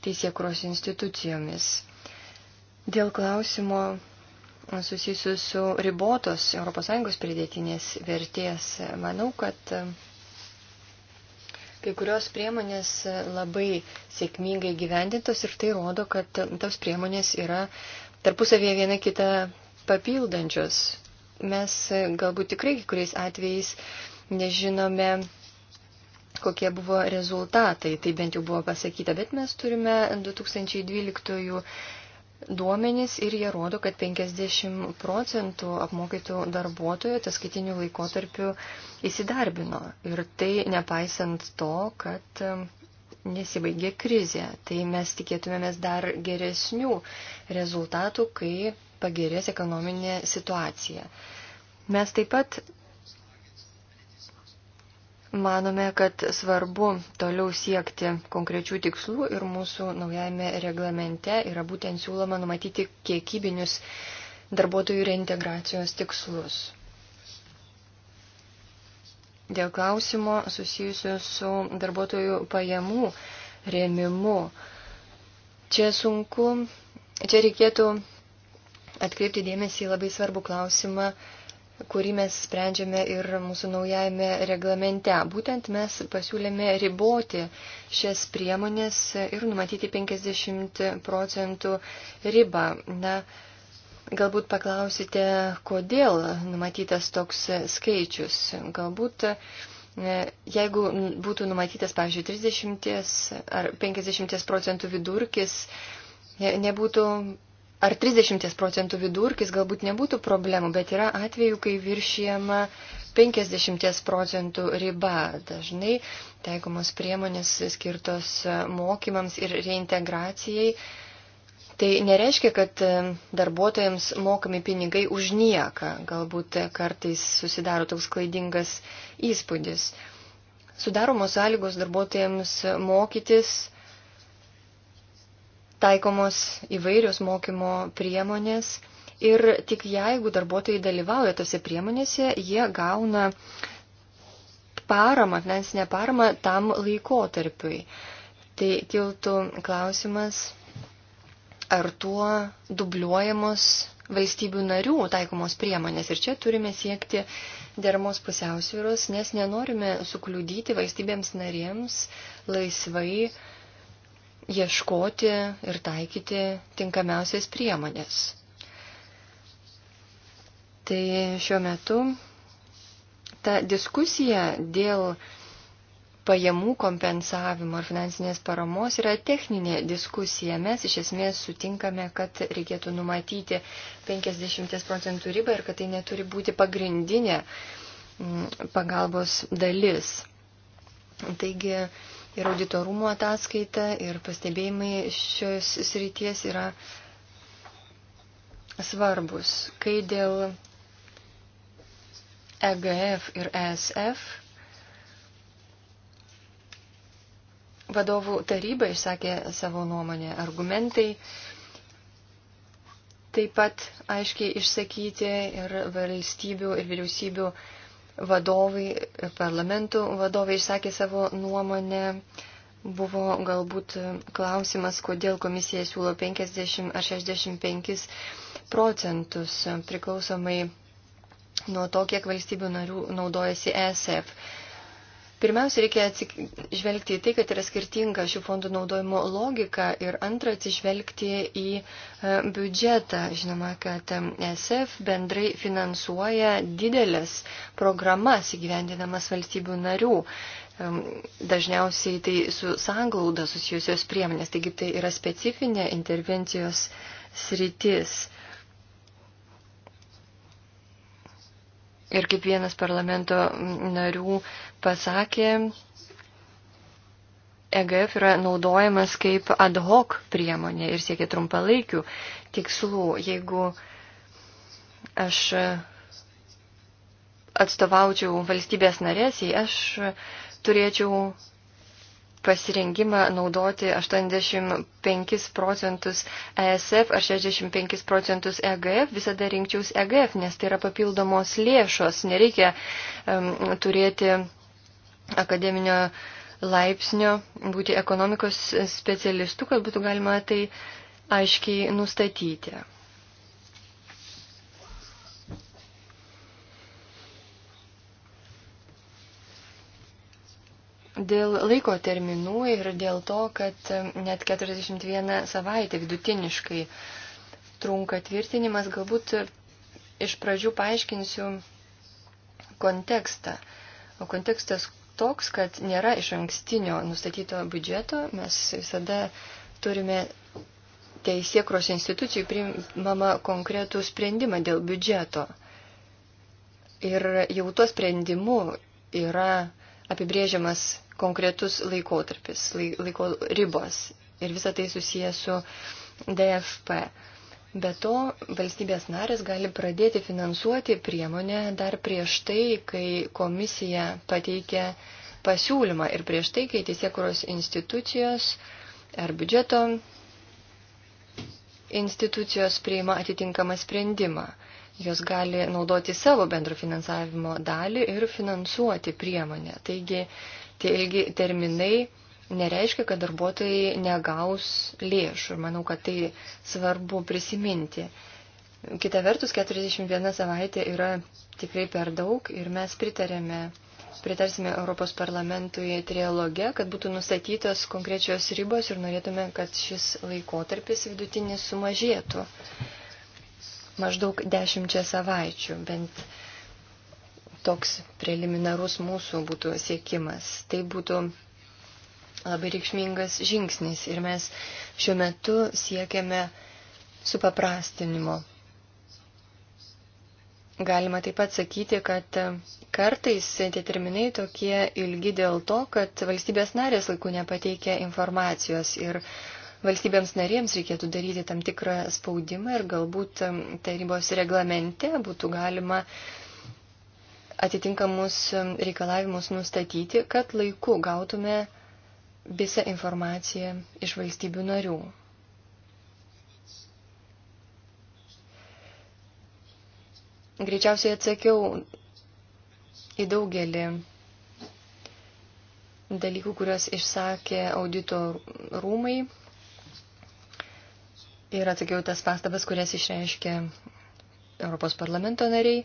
teisėkuros institucijomis. Dėl klausimo susijusiu su ribotos ES pridėtinės vertės, manau, kad kai kurios priemonės labai sėkmingai gyvendintos ir tai rodo, kad tos priemonės yra tarpusavėje viena kitą papildančios mes e, galbūt tikrai kuriais atvejais nežinome, kokie buvo rezultatai. Tai bent jau buvo pasakyta, bet mes turime 2012 duomenys ir jie rodo, kad 50 procentų apmokytų darbuotojų tas skaitinių laikotarpių įsidarbino. Ir tai nepaisant to, kad e, nesibaigė krizė. Tai mes tikėtumėmės dar geresnių rezultatų, kai pagerės ekonominė situacija. Mes taip pat manome, kad svarbu toliau siekti konkrečių tikslų ir mūsų naujame reglamente yra būtent siūloma numatyti kiekybinius darbuotojų reintegracijos tikslus. Dėl klausimo susijusio su darbuotojų pajamų rėmimu. Čia sunku, čia reikėtų atkreipti dėmesį į labai svarbų klausimą, kurį mes sprendžiame ir mūsų naujajame reglamente. Būtent mes pasiūlėme riboti šias priemonės ir numatyti 50 procentų ribą. Na, galbūt paklausite, kodėl numatytas toks skaičius. Galbūt e, Jeigu būtų numatytas, pavyzdžiui, 30 ar 50 procentų vidurkis, nebūtų ar 30 procentų vidurkis galbūt nebūtų problemų, bet yra atveju, kai viršijama 50 procentų riba. Dažnai taikomos priemonės skirtos mokymams ir reintegracijai. Tai nereiškia, kad e, darbuotojams mokami pinigai už nieką. Galbūt e, kartais susidaro toks klaidingas įspūdis. Sudaromos sąlygos darbuotojams mokytis taikomos įvairios mokymo priemonės ir tik jeigu darbuotojai dalyvauja tose priemonėse, jie gauna paramą, finansinę paramą tam laikotarpiui. Tai kiltų klausimas, ar tuo dubliuojamos valstybių narių taikomos priemonės. Ir čia turime siekti dermos pusiausvyros, nes nenorime sukliudyti valstybėms narėms laisvai uh, ieškoti ir taikyti tinkamiausias priemonės. Tai šiuo metu ta diskusija dėl pajamų kompensavimo ar finansinės paramos yra techninė diskusija. Mes iš esmės sutinkame, kad reikėtų numatyti 50 procentų ribą ir kad tai neturi būti pagrindinė mm, pagalbos dalis. Taigi, ir auditorumo ataskaita, ir pastebėjimai šios srities yra svarbus. Kai dėl EGF ir ESF vadovų taryba išsakė savo nuomonę. Argumentai taip pat aiškiai išsakyti ir valstybių ir vyriausybių vadovai, parlamentų vadovai išsakė savo nuomonę. Buvo galbūt klausimas, kodėl komisija siūlo 50 ar 65 procentus priklausomai nuo to, kiek valstybių narių naudojasi ESF. Pirmiausia, reikia atsižvelgti į tai, kad yra skirtinga šių fondų naudojimo logika ir antra, atsižvelgti į e, biudžetą. Žinoma, kad e, SF bendrai finansuoja didelės programas įgyvendinamas valstybių narių. E, dažniausiai tai su sanglauda susijusios priemonės, taigi tai yra specifinė intervencijos sritis. Ir kaip vienas parlamento narių pasakė, EGF yra naudojamas kaip ad hoc priemonė ir siekia trumpalaikių tikslų. Jeigu aš atstovaučiau valstybės narėsiai, aš turėčiau pasirengimą naudoti 85 procentus ESF ar 65 procentus EGF, visada rinkčiaus EGF, nes tai yra papildomos lėšos, nereikia um, turėti akademinio laipsnio, būti ekonomikos specialistu, kad būtų galima tai aiškiai nustatyti. Dėl laiko terminų ir dėl to, kad net 41 savaitę vidutiniškai trunka tvirtinimas, galbūt iš pradžių paaiškinsiu kontekstą. O kontekstas, toks, kad nėra iš ankstinio nustatyto biudžeto, mes visada turime teisėkros institucijų priimama konkretų sprendimą dėl biudžeto. Ir jau tuo sprendimu yra apibrėžiamas konkretus laikotarpis, laiko ribos. Ir visa tai susijęs su DFP. Be to, valstybės narės gali pradėti finansuoti priemonę dar prieš tai, kai komisija pateikia pasiūlymą ir prieš tai, kai teisėkuros institucijos ar biudžeto institucijos priima atitinkamą sprendimą. Jos gali naudoti savo bendro finansavimo dalį ir finansuoti priemonę. Taigi, tie ilgi terminai nereiškia, kad darbuotojai negaus lėšų. Ir manau, kad tai svarbu prisiminti. Kita vertus, 41 savaitė yra tikrai per daug ir mes pritarėme, pritarsime Europos parlamentui trialoge, kad būtų nustatytos konkrečios ribos ir norėtume, kad šis laikotarpis vidutinis sumažėtų maždaug dešimčia savaičių, bent toks preliminarus mūsų būtų siekimas. Tai būtų labai reikšmingas žingsnis ir mes šiuo metu siekiame supaprastinimo. Galima taip pat sakyti, kad kartais tie terminai tokie ilgi dėl to, kad valstybės narės laiku nepateikia informacijos ir valstybėms narėms reikėtų daryti tam tikrą spaudimą ir galbūt tarybos reglamente būtų galima atitinkamus reikalavimus nustatyti, kad laiku gautume visą informaciją iš valstybių narių. Greičiausiai atsakiau į daugelį dalykų, kuriuos išsakė audito rūmai ir atsakiau tas pastabas, kurias išreiškė Europos parlamento nariai.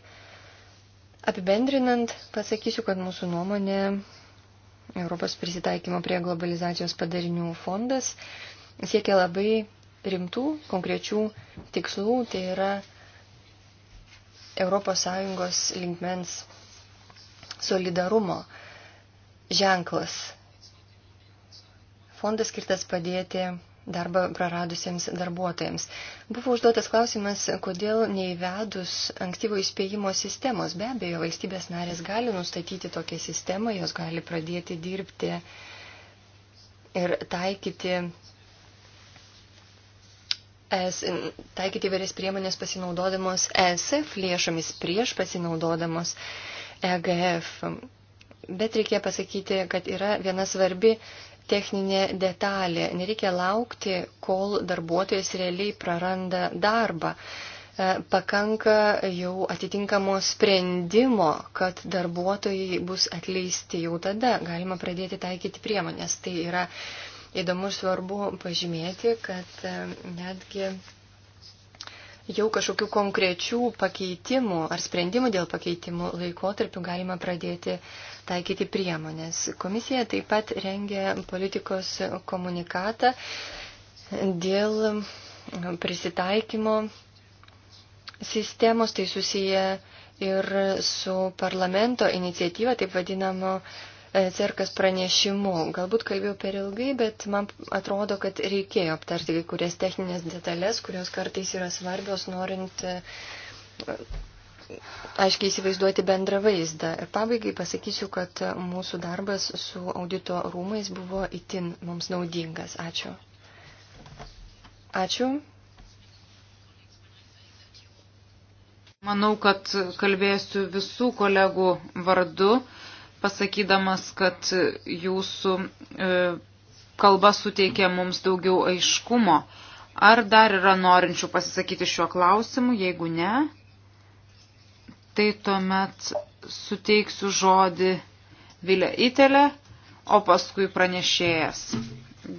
Apibendrinant, pasakysiu, kad mūsų nuomonė Europos prisitaikymo prie globalizacijos padarinių fondas siekia labai rimtų, konkrečių tikslų, tai yra ES linkmens solidarumo ženklas. Fondas skirtas padėti darbą praradusiems darbuotojams. Buvo užduotas klausimas, kodėl neįvedus ankstyvo įspėjimo sistemos. Be abejo, valstybės narės gali nustatyti tokią sistemą, jos gali pradėti dirbti ir taikyti. Es, taikyti įvairias priemonės pasinaudodamos ESF lėšomis prieš pasinaudodamos EGF. Bet reikia pasakyti, kad yra viena svarbi techninė detalė. Nereikia laukti, kol darbuotojas realiai praranda darbą. E, pakanka jau atitinkamo sprendimo, kad darbuotojai bus atleisti. Jau tada galima pradėti taikyti priemonės. Tai yra įdomu ir svarbu pažymėti, kad e, netgi jau kažkokių konkrečių pakeitimų ar sprendimų dėl pakeitimų laikotarpių galima pradėti taikyti priemonės. Komisija taip pat rengia politikos komunikatą dėl prisitaikymo sistemos, tai susiję ir su parlamento iniciatyva, taip vadinamo cerkas pranešimu. Galbūt kalbėjau per ilgai, bet man atrodo, kad reikėjo aptarti kai kurias techninės detalės, kurios kartais yra svarbios, norint e, aiškiai įsivaizduoti bendrą vaizdą. Ir pabaigai pasakysiu, kad mūsų darbas su audito rūmais buvo itin mums naudingas. Ačiū. Ačiū. Manau, kad kalbėsiu visų kolegų vardu pasakydamas, kad jūsų e, kalba suteikia mums daugiau aiškumo. Ar dar yra norinčių pasisakyti šiuo klausimu? Jeigu ne, tai tuomet suteiksiu žodį Vilė Itelė, o paskui pranešėjas.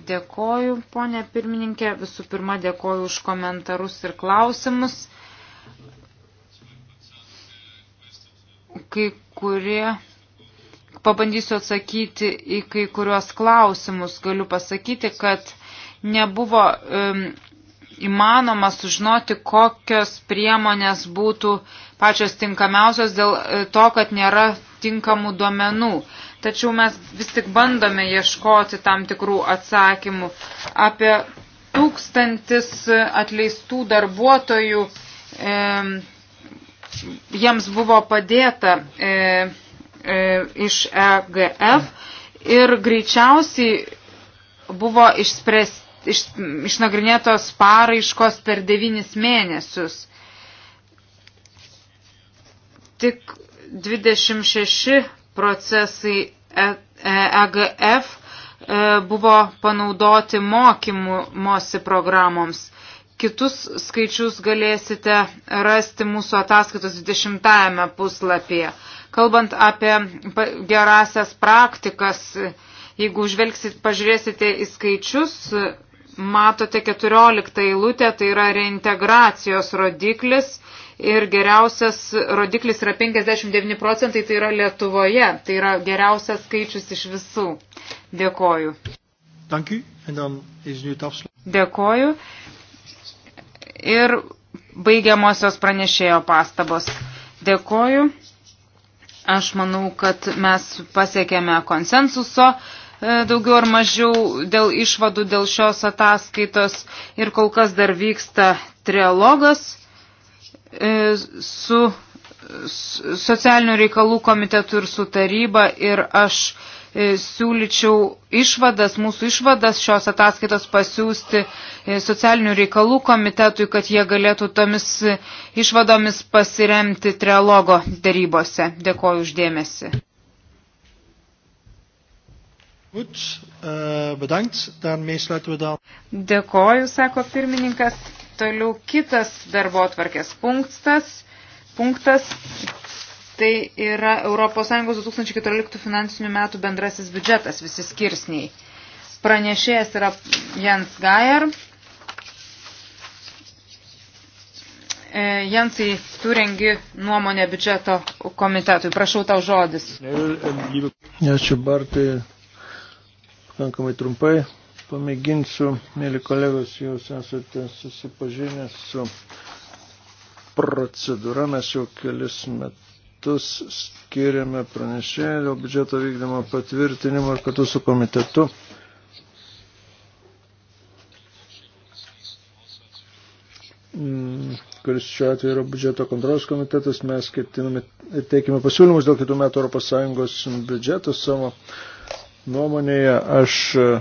Dėkoju, ponė pirmininkė. Visų pirma, dėkoju už komentarus ir klausimus. Kai kurie pabandysiu atsakyti į kai kuriuos klausimus. Galiu pasakyti, kad nebuvo um, įmanoma sužinoti, kokios priemonės būtų pačios tinkamiausios dėl e, to, kad nėra tinkamų duomenų. Tačiau mes vis tik bandome ieškoti tam tikrų atsakymų. Apie tūkstantis atleistų darbuotojų e, jiems buvo padėta. E, E, iš EGF ir greičiausiai buvo išspręsti iš, išnagrinėtos paraiškos per devynis mėnesius. Tik 26 procesai EGF e, e buvo panaudoti mokymosi programoms. Kitus skaičius galėsite rasti mūsų ataskaitos 20 puslapyje. Kalbant apie gerasias praktikas, jeigu žvelgsit, pažiūrėsite į skaičius, matote 14 eilutę, tai yra reintegracijos rodiklis ir geriausias rodiklis yra 59 procentai, tai yra Lietuvoje. Tai yra geriausias skaičius iš visų. Dėkoju. Dėkoju. Ir baigiamosios pranešėjo pastabos. Dėkoju. Aš manau, kad mes pasiekėme konsensuso e, daugiau ar mažiau dėl išvadų dėl šios ataskaitos ir kol kas dar vyksta trialogas e, su socialinių reikalų komitetu ir su taryba ir aš E, siūlyčiau išvadas, mūsų išvadas šios ataskaitos pasiūsti e, socialinių reikalų komitetui, kad jie galėtų tomis išvadomis pasiremti trialogo darybose. Dėkoju uždėmesi. Äh, Dėkoju, sako pirmininkas. Toliau kitas darbo atvarkės punktas. Punktas Tai yra ES 2014 finansinių metų bendrasis biudžetas, visi skirsniai. Pranešėjas yra Jens Gajer. E, Jensai, tu rengi nuomonę biudžeto komitetui. Prašau tau žodis. Ačiū Bartai. Pakankamai trumpai pamėginsiu, mėly kolegos, jūs esate susipažinę su procedūra. Mes jau kelis metus metus skiriame pranešėjai dėl biudžeto vykdymo patvirtinimo ir kartu su komitetu. Mm, kuris šiuo atveju yra biudžeto kontrolės komitetas, mes ketiname ir teikime pasiūlymus dėl kitų metų ES biudžeto savo nuomonėje. Aš e,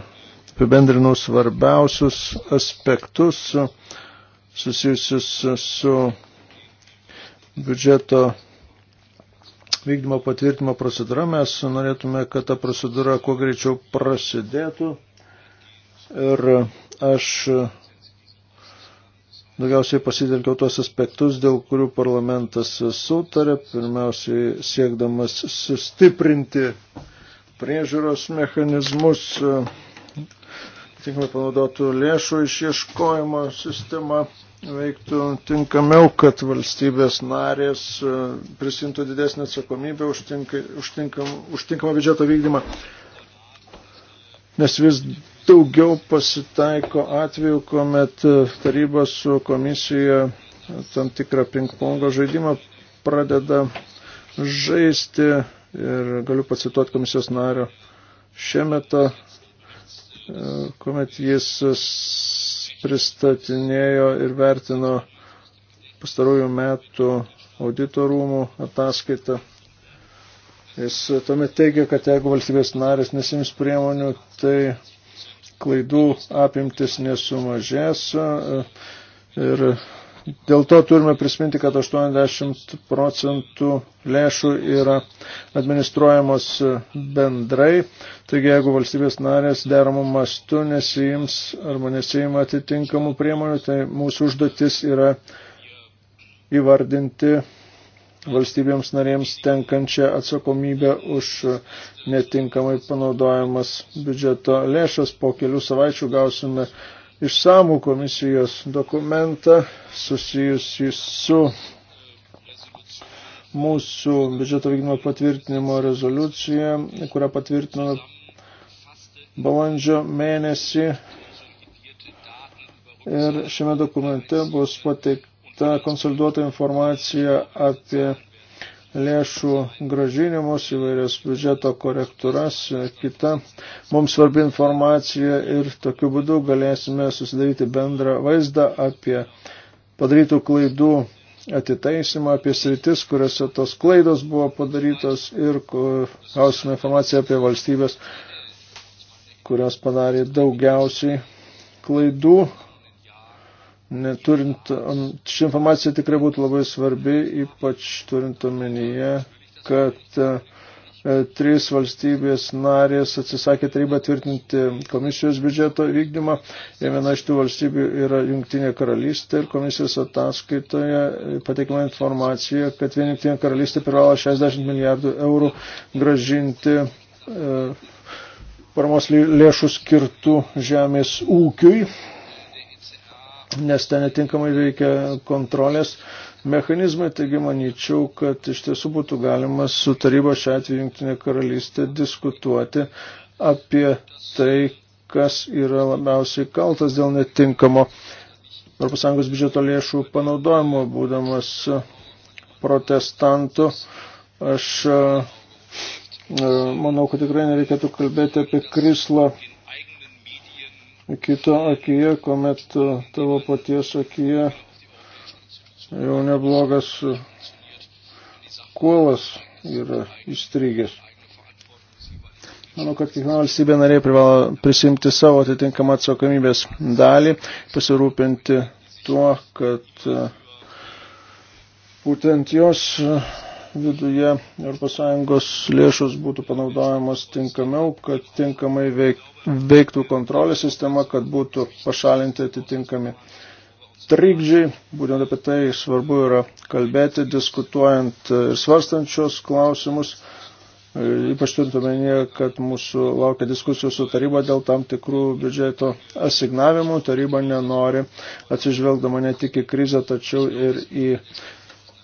apibendrinau svarbiausius aspektus e, susijusius su biudžeto vykdymo patvirtimo procedūra. Mes norėtume, kad ta procedūra kuo greičiau prasidėtų. Ir aš daugiausiai pasitelkiau tuos aspektus, dėl kurių parlamentas sutarė, pirmiausiai siekdamas sustiprinti priežiūros mechanizmus, tinkamai panaudotų lėšų išieškojimo sistemą veiktų tinkamiau, kad valstybės narės e, prisimtų didesnį atsakomybę už, tinka, už, tinkam, už tinkamą biudžeto vykdymą. Nes vis daugiau pasitaiko atvejų, kuomet e, taryba su komisija tam tikrą pingpongo žaidimą pradeda žaisti ir galiu pacituoti komisijos nario šiemetą, e, kuomet jis pristatinėjo ir vertino pastarųjų metų auditorumų ataskaitą. Jis tuomet teigia, kad jeigu valstybės narės nesims priemonių, tai klaidų apimtis nesumažės e, ir Dėl to turime prisiminti, kad 80 procentų lėšų yra administruojamos bendrai. Taigi, jeigu valstybės narės deramų mastų nesijims arba nesijima atitinkamų priemonių, tai mūsų užduotis yra įvardinti valstybėms narėms tenkančią atsakomybę už netinkamai panaudojamas biudžeto lėšas. Po kelių savaičių gausime išsamų komisijos dokumentą susijusį su mūsų biudžeto vykdymo patvirtinimo rezoliucija, kurią patvirtinome balandžio mėnesį. Ir šiame dokumente bus pateikta konsoliduota informacija apie lėšų gražinimus, įvairias biudžeto korektūras, kita mums svarbi informacija ir tokiu būdu galėsime susidaryti bendrą vaizdą apie padarytų klaidų atitaisimą, apie sritis, kuriuose tos klaidos buvo padarytos ir gausime informaciją apie valstybės, kurios padarė daugiausiai klaidų Neturint, ši informacija tikrai būtų labai svarbi, ypač turint omenyje, kad e, trys valstybės narės atsisakė tarybą tvirtinti komisijos biudžeto vykdymą. Ir viena iš tų valstybių yra Junktinė karalystė ir komisijos ataskaitoje pateikima informacija, kad vien Junktinė karalystė privalo 60 milijardų eurų gražinti. E, paramos lėšų skirtų žemės ūkiui nes ten netinkamai veikia kontrolės mechanizmai, taigi manyčiau, kad iš tiesų būtų galima su taryba šią atveju Junktinė karalystė diskutuoti apie tai, kas yra labiausiai kaltas dėl netinkamo ES biudžeto lėšų panaudojimo, būdamas protestantu. Aš e, manau, kad tikrai nereikėtų kalbėti apie krislą kito akyje, kuomet tavo paties akyje jau neblogas kuolas yra įstrigęs. Manau, kad kiekviena valstybė narė privalo prisimti savo atitinkamą atsakomybės dalį, pasirūpinti tuo, kad e, būtent jos viduje ES lėšos būtų panaudojamos tinkamiau, kad tinkamai veik, veiktų kontrolės sistema, kad būtų pašalinti atitinkami trikdžiai. Būtent apie tai svarbu yra kalbėti, diskutuojant ir svarstančios klausimus. Ypač turint omenyje, kad mūsų laukia diskusijų su taryba dėl tam tikrų biudžeto asignavimų. Taryba nenori, atsižvelgdama ne tik į krizę, tačiau ir į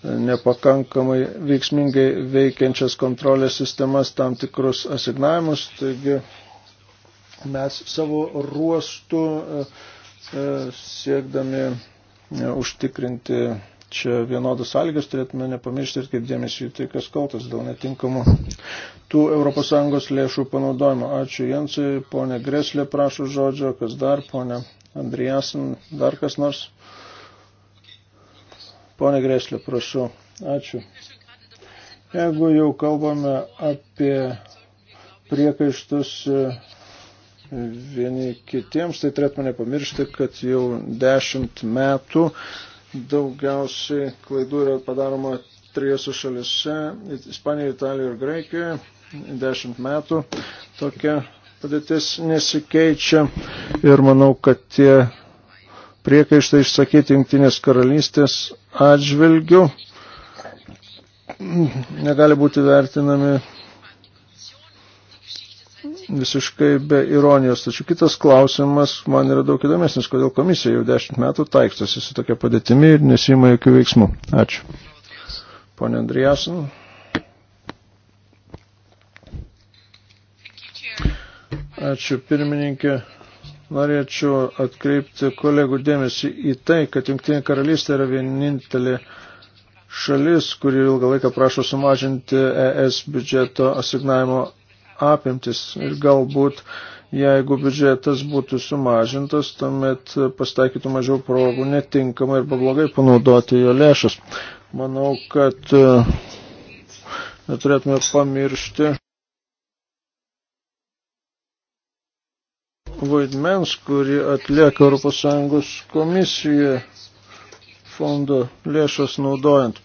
nepakankamai veiksmingai veikiančias kontrolės sistemas tam tikrus asignavimus. Taigi mes savo ruoštų e, e, siekdami e, užtikrinti čia vienodus sąlygas turėtume nepamiršti ir kaip dėmesį į tai, kas kaltas dėl netinkamų tų ES lėšų panaudojimo. Ačiū Jensui, ponė Greslė prašo žodžio, kas dar, ponė Andriasin, dar kas nors. Pone Greslė, prašau. Ačiū. Jeigu jau kalbame apie priekaištus e, vieni kitiems, tai turėtume nepamiršti, kad jau dešimt metų daugiausiai klaidų yra padaroma trijose šalise - Ispanijoje, Italijoje ir Graikijoje. Dešimt metų tokia padėtis nesikeičia ir manau, kad tie priekaištą išsakyti jungtinės karalystės atžvilgių. Negali būti vertinami visiškai be ironijos. Tačiau kitas klausimas man yra daug įdomesnis, kodėl komisija jau dešimt metų taikstosi su tokia padėtimi ir nesima jokių veiksmų. Ačiū. Pone Andrijasin. Ačiū pirmininkė. Norėčiau atkreipti kolegų dėmesį į tai, kad Junktinė karalystė yra vienintelė šalis, kuri ilgą laiką prašo sumažinti ES biudžeto asignavimo apimtis. Ir galbūt, jeigu biudžetas būtų sumažintas, tuomet pastaikytų mažiau progų netinkamai arba blogai panaudoti jo lėšas. Manau, kad e, neturėtume pamiršti. vaidmens, kurį atlieka ES komisija fondo lėšas naudojant.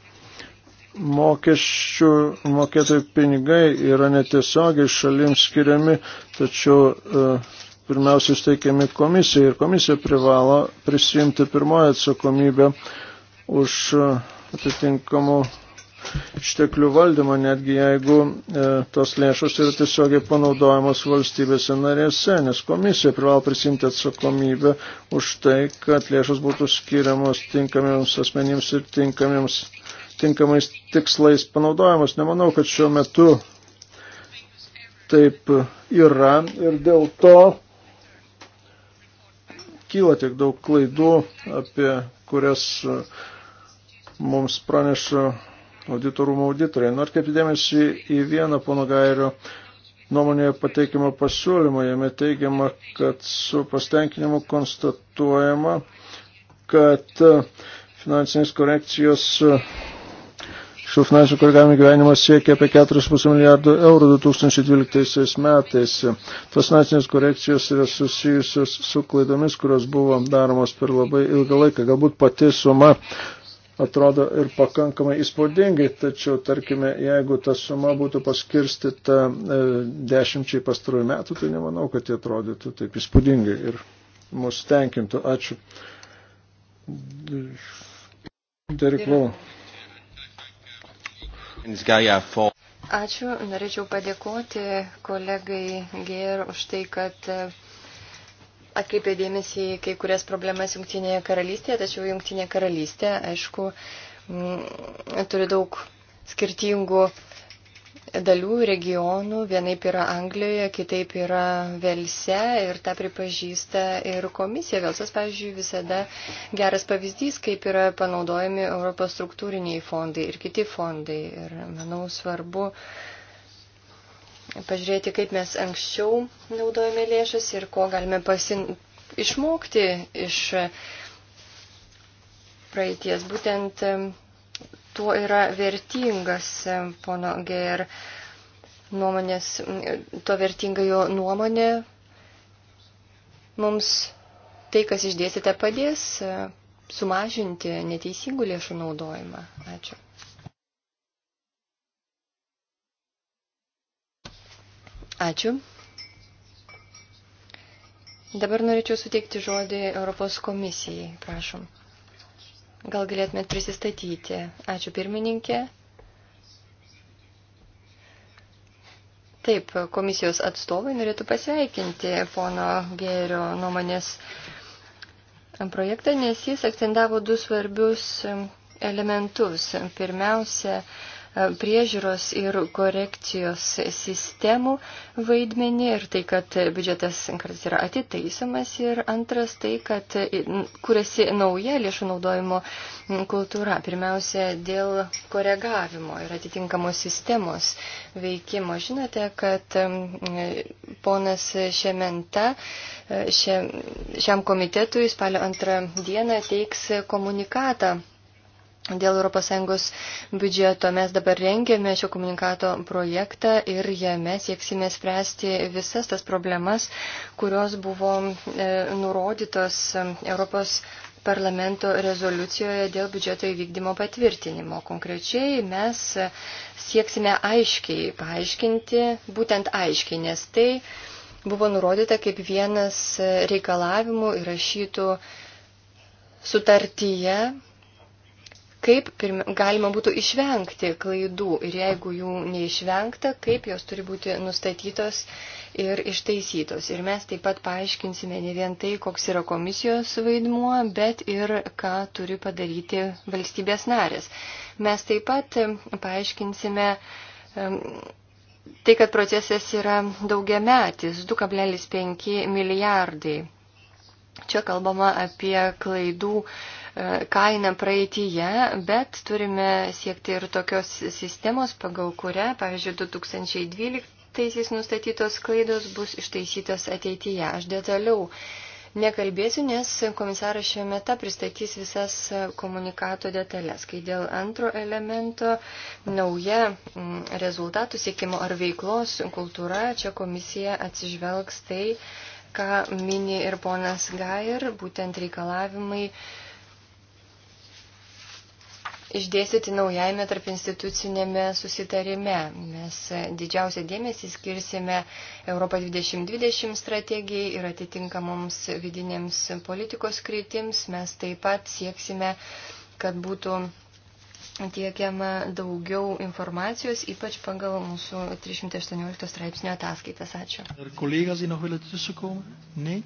Mokesčių mokėtojų pinigai yra netiesiogiai šalims skiriami, tačiau e, pirmiausia steikiami komisijai ir komisija privalo prisimti pirmoją atsakomybę už e, atitinkamų išteklių valdymo, netgi jeigu e, tos lėšos yra tiesiogiai panaudojamos valstybėse narėse, nes komisija privalo prisimti atsakomybę už tai, kad lėšos būtų skiriamos tinkamiems asmenims ir tinkamiems, tinkamais tikslais panaudojamos. Nemanau, kad šiuo metu taip yra ir dėl to kyla tiek daug klaidų, apie kurias e, mums praneša auditorumo auditoriai. Noriu kaip dėmesį į vieną pono Gairio nuomonėje pateikimo pasiūlymą. Jame teigiama, kad su pastenkinimu konstatuojama, kad finansinės korekcijos Šių finansų koregavimų gyvenimas siekia apie 4,5 milijardų eurų 2012 metais. Tos finansinės korekcijos yra susijusios su klaidomis, kurios buvo daromos per labai ilgą laiką. Galbūt pati suma atrodo ir pakankamai įspūdingai, tačiau tarkime, jeigu ta suma būtų paskirstita e, dešimčiai pastarųjų metų, tai nemanau, kad jie atrodytų taip įspūdingai ir mus tenkintų. Ačiū. Deriklau. Ačiū, norėčiau padėkoti kolegai Gėr už tai, kad atkreipė dėmesį į kai kurias problemas Junktinėje karalystėje, tačiau Junktinė karalystė, aišku, mm, turi daug skirtingų dalių, regionų. Vienaip yra Anglijoje, kitaip yra Velse ir tą pripažįsta ir komisija. Velsas, pavyzdžiui, visada geras pavyzdys, kaip yra panaudojami Europos struktūriniai fondai ir kiti fondai. Ir manau svarbu uh, pažiūrėti, kaip mes anksčiau naudojame lėšas ir ko galime pasin... išmokti iš praeities. Būtent tuo yra vertingas pono Geir nuomonės, to vertinga jo nuomonė mums tai, kas išdėsite, padės e, sumažinti neteisingų lėšų naudojimą. Ačiū. Ačiū. Dabar norėčiau suteikti žodį Europos komisijai, prašom. Gal galėtumėt prisistatyti. Ačiū pirmininkė. Taip, komisijos atstovai norėtų pasveikinti pono Gėrio nuomonės projektą, nes jis akcentavo du svarbius elementus. Pirmiausia, priežiūros ir korekcijos sistemų vaidmenį ir tai, kad biudžetas kartais yra atitaisomas ir antras tai, kad kuriasi nauja lėšų naudojimo kultūra. Pirmiausia, dėl koregavimo ir atitinkamos sistemos veikimo. Žinote, kad ponas Šementa e, šiam komitetui spalio antrą dieną teiks komunikatą Dėl ES biudžeto mes dabar rengėme šio komunikato projektą ir jame sieksime spręsti visas tas problemas, kurios buvo e, nurodytos e, Europos parlamento rezoliucijoje dėl biudžeto įvykdymo patvirtinimo. Konkrečiai mes sieksime aiškiai paaiškinti, būtent aiškiai, nes tai buvo nurodyta kaip vienas reikalavimų įrašytų sutartyje kaip pirmi, galima būtų išvengti klaidų ir jeigu jų neišvengta, kaip jos turi būti nustatytos ir ištaisytos. Ir mes taip pat paaiškinsime ne vien tai, koks yra komisijos vaidmuo, bet ir ką turi padaryti valstybės narės. Mes taip pat paaiškinsime. Tai, kad procesas yra daugiametis, 2,5 milijardai Čia kalbama apie klaidų kainą praeitįje, bet turime siekti ir tokios sistemos, pagal kurią, pavyzdžiui, 2012 nustatytos klaidos bus ištaisytos ateityje. Aš detaliau nekalbėsiu, nes komisaras šiame metą pristatys visas komunikato detalės. Kai dėl antro elemento nauja mm, rezultatų siekimo ar veiklos kultūra, čia komisija atsižvelgs tai, ką mini ir ponas Gair, būtent reikalavimai išdėstyti naujajame tarp institucinėme susitarime. Mes e, didžiausią dėmesį skirsime Europą 2020 strategijai ir atitinkamoms vidinėms politikos kryptims. Mes taip pat sieksime, kad būtų tiekiama daugiau informacijos, ypač pagal mūsų 318 straipsnio ataskaitas. Ačiū. Ar kolegas į nuvilį susikomą? Ne?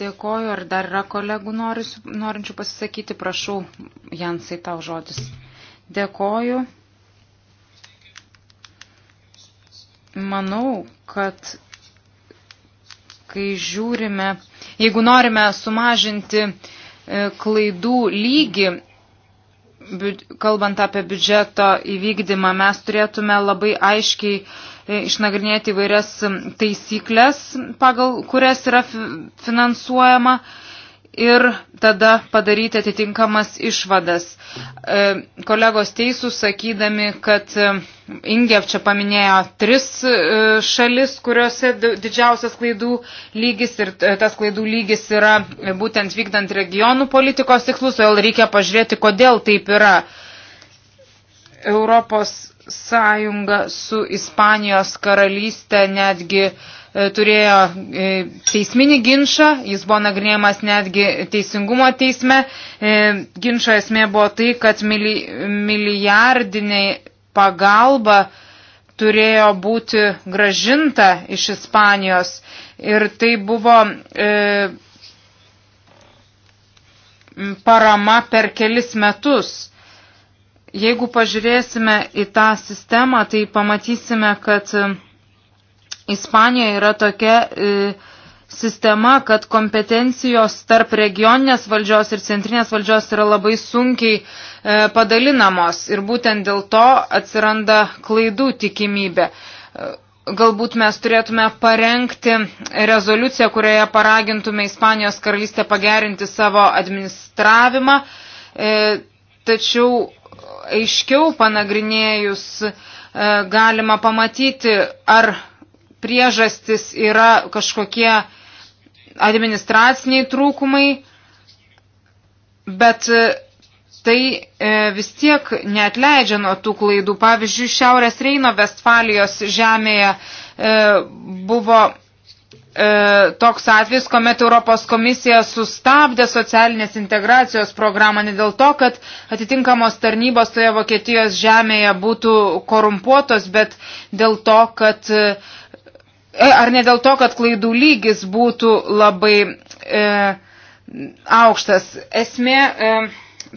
Dėkoju, ar dar yra kolegų norisiu, norinčių pasisakyti, prašau, Jansai, tau žodis. Dėkoju. Manau, kad kai žiūrime, jeigu norime sumažinti e, klaidų lygį, kalbant apie biudžeto įvykdymą, mes turėtume labai aiškiai E, išnagrinėti įvairias taisyklės, pagal kurias yra finansuojama ir tada padaryti atitinkamas išvadas. E, kolegos teisūs sakydami, kad e, Ingev čia paminėjo tris šalis, kuriuose didžiausias klaidų lygis ir tas klaidų lygis yra būtent vykdant regionų politikos tikslus, todėl reikia pažiūrėti, kodėl taip yra. Europos sąjunga su Ispanijos karalystė netgi e, turėjo e, teisminį ginčą, jis buvo nagrinėjamas netgi teisingumo teisme. E, Ginčio esmė buvo tai, kad milijardiniai pagalba turėjo būti gražinta iš Ispanijos ir tai buvo e, parama per kelis metus. Jeigu pažiūrėsime į tą sistemą, tai pamatysime, kad e, Ispanija yra tokia e, sistema, kad kompetencijos tarp regioninės valdžios ir centrinės valdžios yra labai sunkiai e, padalinamos ir būtent dėl to atsiranda klaidų tikimybė galbūt mes turėtume parengti rezoliuciją, kurioje paragintume Ispanijos karalystę pagerinti savo administravimą. Tačiau aiškiau panagrinėjus e, galima pamatyti, ar priežastis yra kažkokie administraciniai trūkumai, bet e, tai e, vis tiek neatleidžia nuo tų klaidų. Pavyzdžiui, Šiaurės Reino Vestfalijos žemėje buvo E, toks atvejs, kuomet Europos komisija sustabdė socialinės integracijos programą ne dėl to, kad atitinkamos tarnybos toje Vokietijos žemėje būtų korumpuotos, bet dėl to, kad e, ar ne dėl to, kad klaidų lygis būtų labai e, aukštas. Esmė e,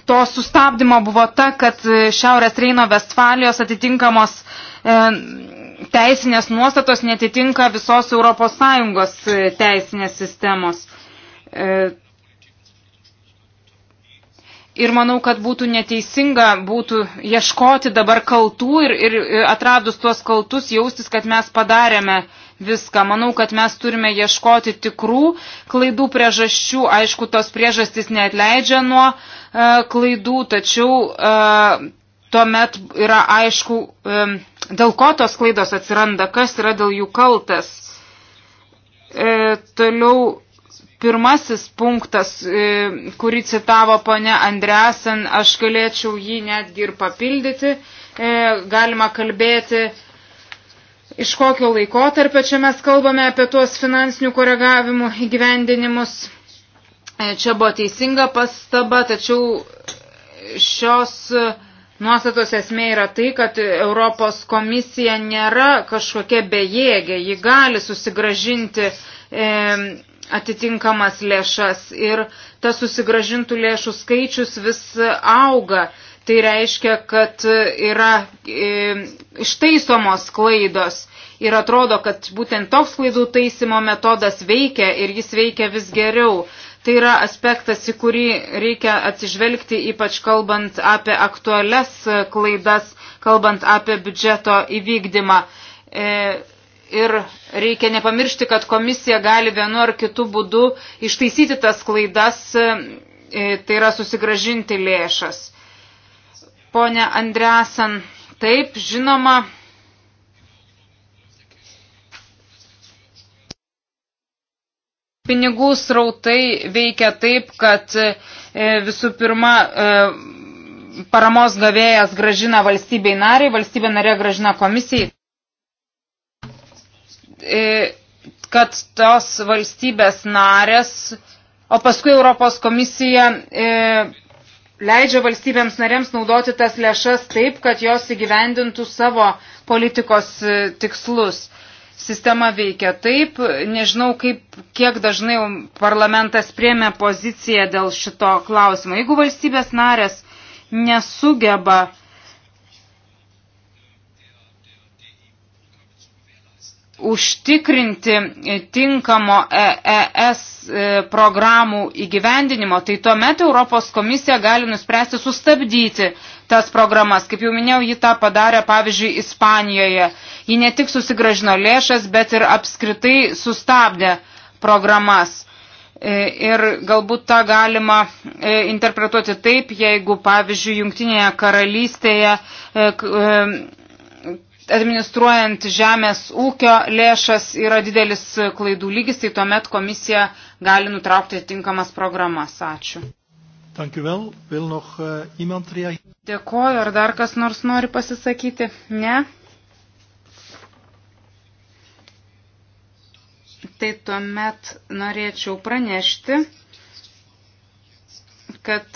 to sustabdymo buvo ta, kad Šiaurės Reino Vestfalijos atitinkamos e, teisinės nuostatos netitinka visos ES e, teisinės sistemos. E, ir manau, kad būtų neteisinga būtų ieškoti dabar kaltų ir, ir e, atradus tuos kaltus jaustis, kad mes padarėme viską. Manau, kad mes turime ieškoti tikrų klaidų priežasčių. Aišku, tos priežastys neatleidžia nuo e, klaidų, tačiau e, tuomet yra aišku. E, dėl ko tos klaidos atsiranda, kas yra dėl jų kaltas. E, toliau pirmasis punktas, e, kurį citavo ponė Andresan, aš galėčiau jį netgi ir papildyti. E, galima kalbėti, iš kokio laikotarpio čia mes kalbame apie tuos finansinių koregavimų įgyvendinimus. E, čia buvo teisinga pastaba, tačiau šios. E, Nuostatos esmė yra tai, kad Europos komisija nėra kažkokia bejėgė, ji gali susigražinti e, atitinkamas lėšas ir tas susigražintų lėšų skaičius vis auga. Tai reiškia, kad yra e, ištaisomos klaidos ir atrodo, kad būtent toks klaidų taisymo metodas veikia ir jis veikia vis geriau. Tai yra aspektas, į kurį reikia atsižvelgti, ypač kalbant apie aktualias klaidas, kalbant apie biudžeto įvykdymą. E, ir reikia nepamiršti, kad komisija gali vienu ar kitu būdu ištaisyti tas klaidas, e, tai yra susigražinti lėšas. Pone Andresan, taip, žinoma, Pinigų srautai veikia taip, kad e, visų pirma e, paramos gavėjas gražina valstybei nariai, valstybė narė gražina komisijai. E, kad tos valstybės narės, o paskui Europos komisija leidžia valstybėms narėms naudoti tas lėšas taip, kad jos įgyvendintų savo politikos tikslus sistema veikia taip. Nežinau, kaip, kiek dažnai parlamentas priemė poziciją dėl šito klausimo. Jeigu valstybės narės nesugeba užtikrinti tinkamo EES e, programų įgyvendinimo, tai tuomet Europos komisija gali nuspręsti sustabdyti tas programas. Kaip jau minėjau, ji tą padarė, pavyzdžiui, Ispanijoje. Ji ne tik susigražino lėšas, bet ir apskritai sustabdė programas. E, ir galbūt tą galima e, interpretuoti taip, jeigu, pavyzdžiui, Jungtinėje karalystėje administruojant žemės ūkio lėšas yra didelis klaidų lygis, tai tuomet komisija gali nutraukti tinkamas programas. Ačiū. Uh, Dėkoju, ar dar kas nors nori pasisakyti? Ne? Tai tuomet norėčiau pranešti, kad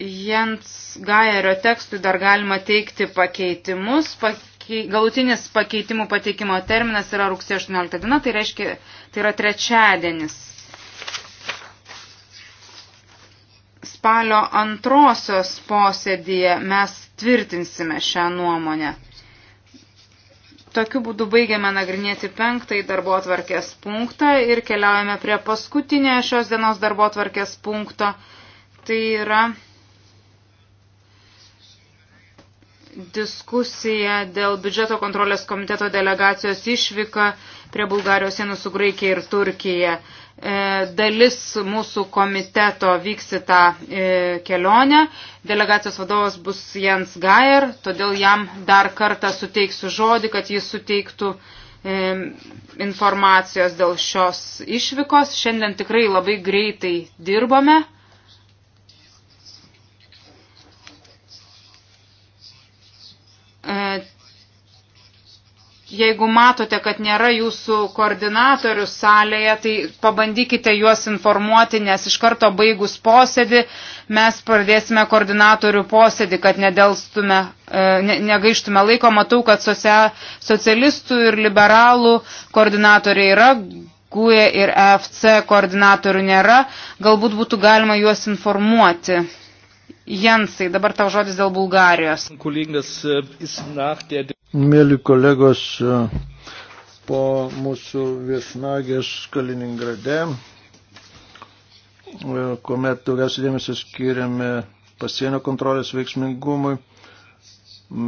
Jens Gajerio tekstui dar galima teikti pakeitimus. Pak pakei, galutinis pakeitimų pateikimo terminas yra rugsėjo 18 diena, tai reiškia, tai yra trečiadienis. Spalio antrosios posėdėje mes tvirtinsime šią nuomonę. Tokiu būdu baigiame nagrinėti penktąjį darbo atvarkės punktą ir keliaujame prie paskutinio šios dienos darbo atvarkės punkto. Tai yra diskusija dėl biudžeto kontrolės komiteto delegacijos išvyka prie Bulgarijos sienų su Graikija ir Turkija. E, dalis mūsų komiteto vyks į tą e, kelionę. Delegacijos vadovas bus Jens Gajer, todėl jam dar kartą suteiksiu žodį, kad jis suteiktų e, informacijos dėl šios išvykos. Šiandien tikrai labai greitai dirbame. E, jeigu matote, kad nėra jūsų koordinatorių salėje, tai pabandykite juos informuoti, nes iš karto baigus posėdį mes pradėsime koordinatorių posėdį, kad nedėlstume, ne, negaištume laiko. Matau, kad socia, socialistų ir liberalų koordinatoriai yra, GUE ir EFC koordinatorių nėra. Galbūt būtų galima juos informuoti. Jensai, dabar tau žodis dėl Bulgarijos. Äh, Mėly kolegos, e, po mūsų viešnagės Kaliningrade, e, kuomet daugiausiai dėmesio skiriame pasienio kontrolės veiksmingumui,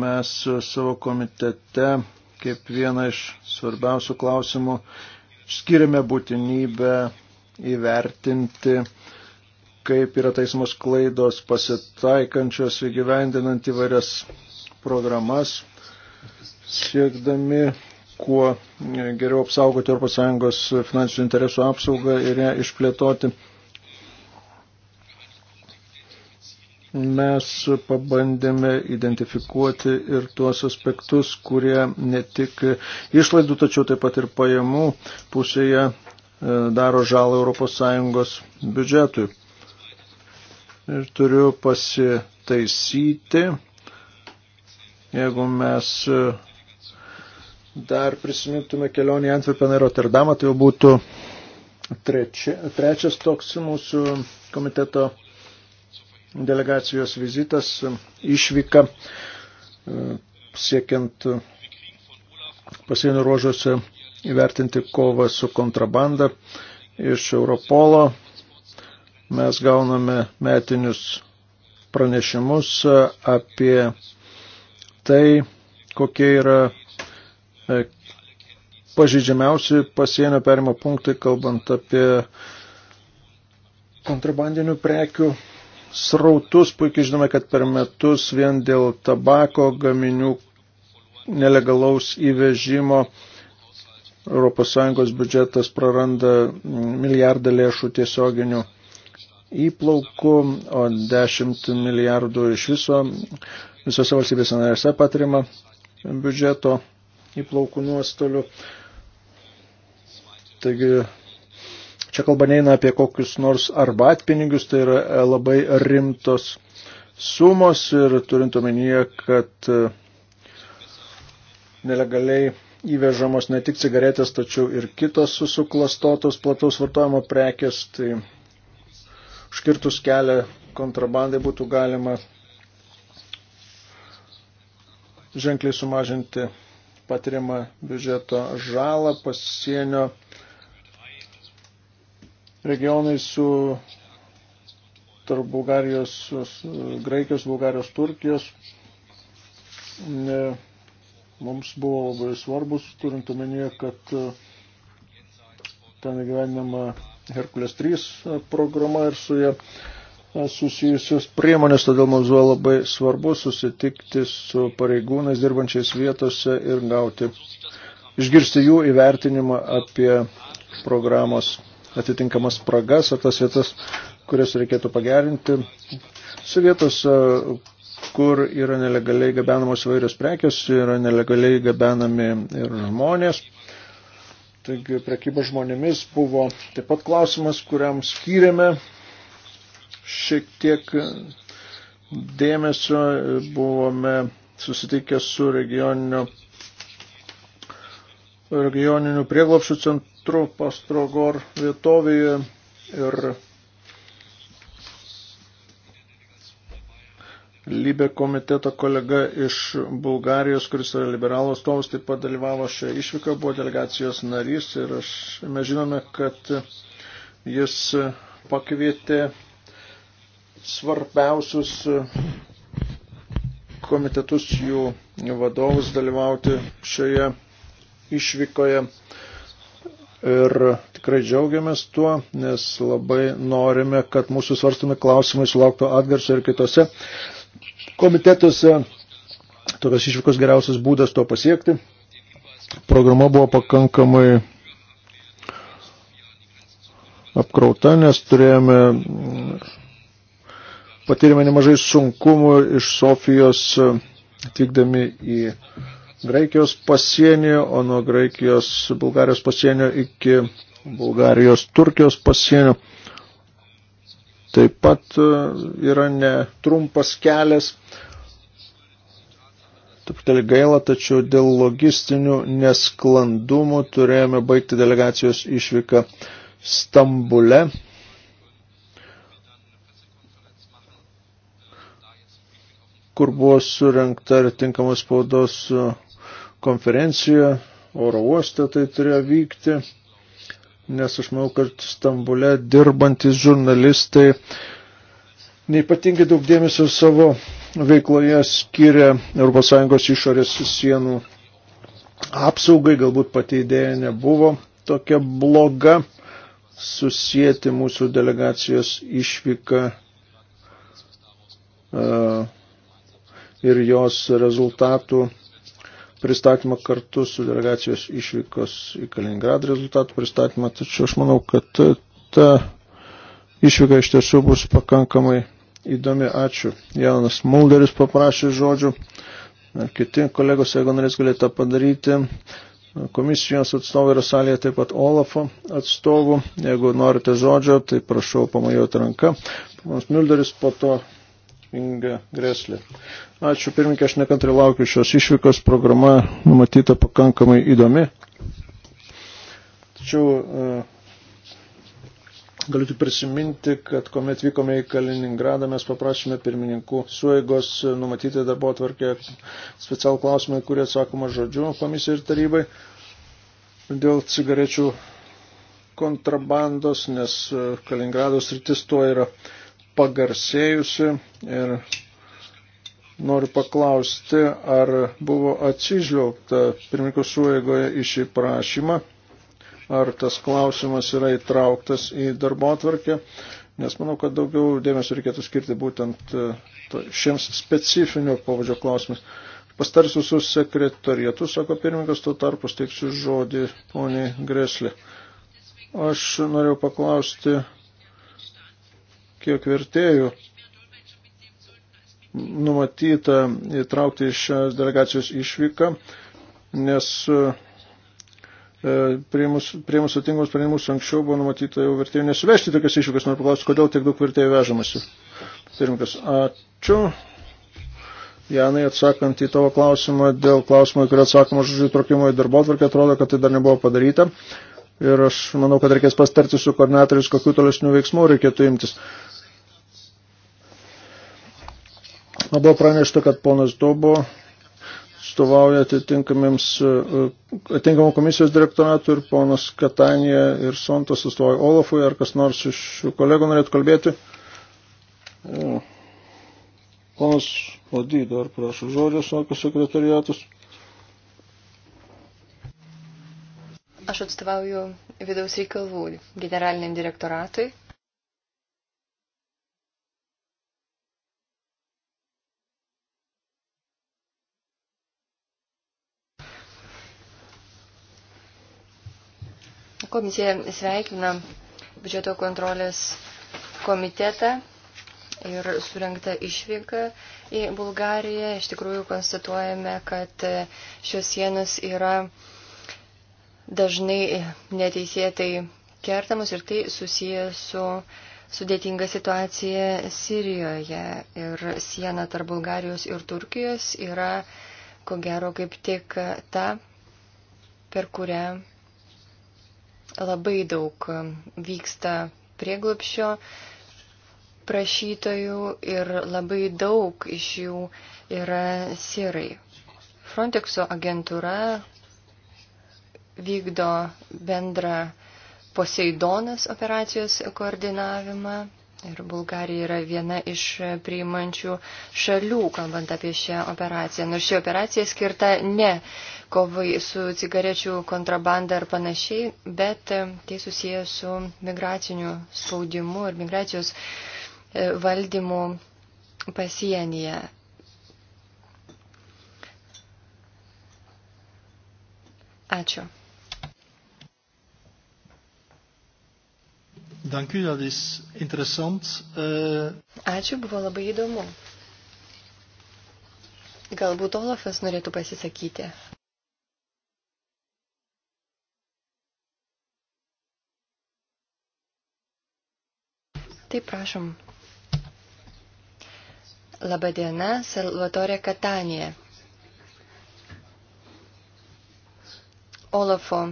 mes savo komitete kaip vieną iš svarbiausių klausimų skiriame būtinybę įvertinti uh, kaip yra taismos klaidos pasitaikančios įgyvendinant įvairias programas, siekdami kuo geriau apsaugoti ES finansinių interesų apsaugą ir ją išplėtoti. Mes pabandėme identifikuoti ir tuos aspektus, kurie ne tik išlaidų, tačiau taip pat ir pajamų pusėje e, daro žalą ES biudžetui ir turiu pasitaisyti, jeigu mes e, dar prisimintume kelionį į Antverpeną ir Rotterdamą, tai jau būtų trečia, trečias toks mūsų komiteto delegacijos vizitas, išvyka e, siekiant pasienio ruožuose įvertinti kovą su kontrabanda iš Europolo mes gauname metinius pranešimus apie tai, kokie yra e, pažydžiamiausi pasienio perimo punktai, kalbant apie kontrabandinių prekių srautus. Puikiai žinome, kad per metus vien dėl tabako gaminių nelegalaus įvežimo ES biudžetas praranda milijardą lėšų tiesioginių įplaukų, o 10 milijardų iš viso visose valstybėse narėse patirima biudžeto įplaukų nuostolių. Taigi čia kalba neina apie kokius nors arbatpinigius, tai yra e, labai rimtos sumos ir turint omenyje, kad e, nelegaliai įvežamos ne tik cigaretės, tačiau ir kitos suklastotos plataus vartojimo prekės, tai užkirtus kelią kontrabandai būtų galima ženkliai sumažinti patiriamą biudžeto žalą pasienio regionai su tarp Bulgarijos, Graikijos, Bulgarijos, Turkijos. Ne, mums buvo labai svarbus, turint omenyje, kad e, ten gyvenama Herkules 3 programa ir su jie susijusius priemonės, todėl mums buvo labai svarbu susitikti su pareigūnais dirbančiais vietose ir gauti, išgirsti jų įvertinimą apie programos atitinkamas spragas ar tas vietas, kurias reikėtų pagerinti. Su vietos, kur yra nelegaliai gabenamos vairios prekės, yra nelegaliai gabenami ir žmonės. Taigi prekyba žmonėmis buvo taip pat klausimas, kuriam skyrėme šiek tiek dėmesio, buvome susitikę su regioniniu, regioniniu prieglopšių centru Pastrogor vietovėje ir Libė komiteto kolega iš Bulgarijos, kuris yra liberalų atstovas, taip pat dalyvavo šioje išvykoje, buvo delegacijos narys ir aš, mes žinome, kad jis pakvietė svarbiausius komitetus jų vadovus dalyvauti šioje išvykoje. Ir tikrai džiaugiamės tuo, nes labai norime, kad mūsų svarstami klausimai sulauktų atgarsio ir kitose komitetuose. Tokios išvykos geriausias būdas to pasiekti. Programa buvo pakankamai apkrauta, nes turėjome, mm, patyrėme nemažai sunkumų iš Sofijos e, atvykdami į Graikijos pasienį, o nuo Graikijos Bulgarijos pasienio iki Bulgarijos Turkijos pasienio taip pat e, yra netrumpas kelias. Truputėlį gaila, tačiau dėl logistinių nesklandumų turėjome baigti delegacijos išvyką Stambule. kur buvo surinkta ir tinkamos spaudos konferencija, oro uoste tai turėjo vykti nes aš manau, kad Stambule dirbantis žurnalistai neipatingai daug dėmesio savo veikloje skiria ES išorės sienų apsaugai, galbūt pati idėja nebuvo tokia bloga susijęti mūsų delegacijos išvyką uh, ir jos rezultatų pristatymą kartu su delegacijos išvykos į Kaliningradą rezultatų pristatymą, tačiau aš manau, kad ta išvyka iš tiesų bus pakankamai įdomi. Ačiū. Jaunas Mulderis paprašė žodžių. Kiti kolegos, jeigu norės, galėtų padaryti. Komisijos atstovai yra salėje taip pat Olafo atstovų. Jeigu norite žodžio, tai prašau pamajoti ranką. Ponas Mulderis, po to Inga Greslė. Ačiū pirmininkė, aš nekantrai laukiu šios išvykos, programa numatyta pakankamai įdomi. Tačiau e, galiu tik prisiminti, kad kuomet vykome į Kaliningradą, mes paprašėme pirmininkų suėgos numatyti darbo atvarkę specialų klausimą, kurį atsakoma žodžiu komisijai ir tarybai dėl cigarečių kontrabandos, nes e, Kaliningrados rytis tuo yra pagarsėjusi ir noriu paklausti, ar buvo atsižvelgta pirmininkų suėgoje į šį prašymą, ar tas klausimas yra įtrauktas į darbo atvarkę, nes manau, kad daugiau dėmesio reikėtų skirti būtent e, šiems specifinio pavadžio klausimus. Pastarsiu su sekretarietu, sako pirmininkas, tuo tarpu steiksiu žodį poniai Greslė. Aš norėjau paklausti kiek vertėjų numatyta įtraukti iš delegacijos išvyką, nes e, prieimus sutinkamus sprendimus anksčiau buvo numatyta jau vertėjų nesuvežti tokias išvykas. Noriu paklausti, kodėl tiek daug vertėjų vežamasi. Pirmininkas, ačiū. Janai, atsakant į tavo klausimą, dėl klausimo, kurio atsakoma žodžiu įtraukimo į darbo atvarkę, atrodo, kad tai dar nebuvo padaryta. Ir aš manau, kad reikės pastarti su koordinatoriais, kokiu tolesnių veiksmų reikėtų imtis. Man buvo pranešta, kad ponas Dobo atstovauja e, e, atitinkamų komisijos direktoratų ir ponas Katanija ir Sontas atstovauja Olafui. Ar kas nors iš kolegų norėtų kalbėti? Ja. E, ponas Odį dar prašau žodžio, sako sekretariatas. Aš atstovauju vidaus reikalų generaliniam direktoratui Komisija sveikina biudžeto kontrolės komitetą ir surinkta išvyka į Bulgariją. Iš tikrųjų konstatuojame, kad šios sienos yra dažnai neteisėtai kertamos ir tai susiję su sudėtinga situacija Sirijoje. Ir siena tarp Bulgarijos ir Turkijos yra, ko gero, kaip tik ta, per kurią Labai daug um, vyksta prieglopšio prašytojų ir labai daug iš jų yra sirai. Frontexo agentūra vykdo bendrą Poseidonas operacijos koordinavimą Ir Bulgarija yra viena iš priimančių šalių, kalbant apie šią operaciją. Nors ši operacija skirta ne kovai su cigarečių kontrabanda ar panašiai, bet e, tai susiję su migraciniu spaudimu ir migracijos e, valdymu pasienyje. Ačiū. Dank u, dat is interessant. Uh... Ačiū, buvo labai įdomu. Galbūt Olafas norėtų pasisakyti. Taip, prašom. Labadiena, Salvatore Katanija. Olafo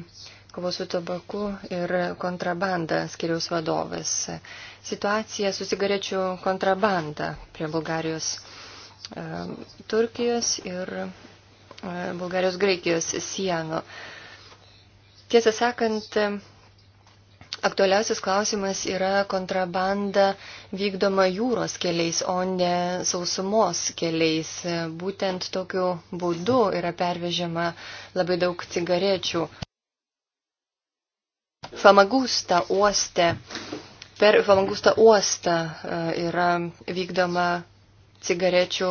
kovos su tabaku ir kontrabanda skiriaus vadovas. Situacija su cigarečių kontrabanda prie Bulgarijos, e, Turkijos ir e, Bulgarijos Graikijos sienų. Tiesą sakant, aktualiausias klausimas yra kontrabanda vykdoma jūros keliais, o ne sausumos keliais. Būtent tokiu būdu yra pervežiama labai daug cigarečių. Famagusta uoste, per Famagusta uostą e, yra vykdoma cigarečių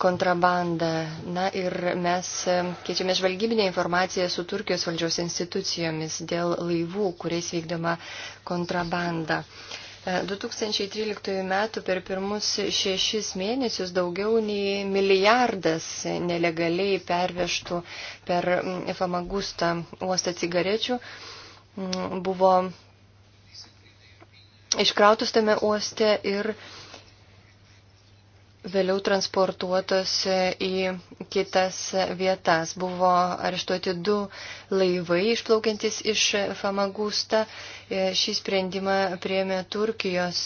kontrabanda. Na ir mes e, keičiame žvalgybinę informaciją su Turkijos valdžios institucijomis dėl laivų, kuriais vykdoma kontrabanda. 2013 e, metų per pirmus šešis mėnesius daugiau nei milijardas nelegaliai perveštų per Famagustą uostą cigarečių buvo iškrautus tame uoste ir vėliau transportuotos į kitas vietas. Buvo areštuoti du laivai išplaukiantis iš Famagusta. Šį sprendimą priemė Turkijos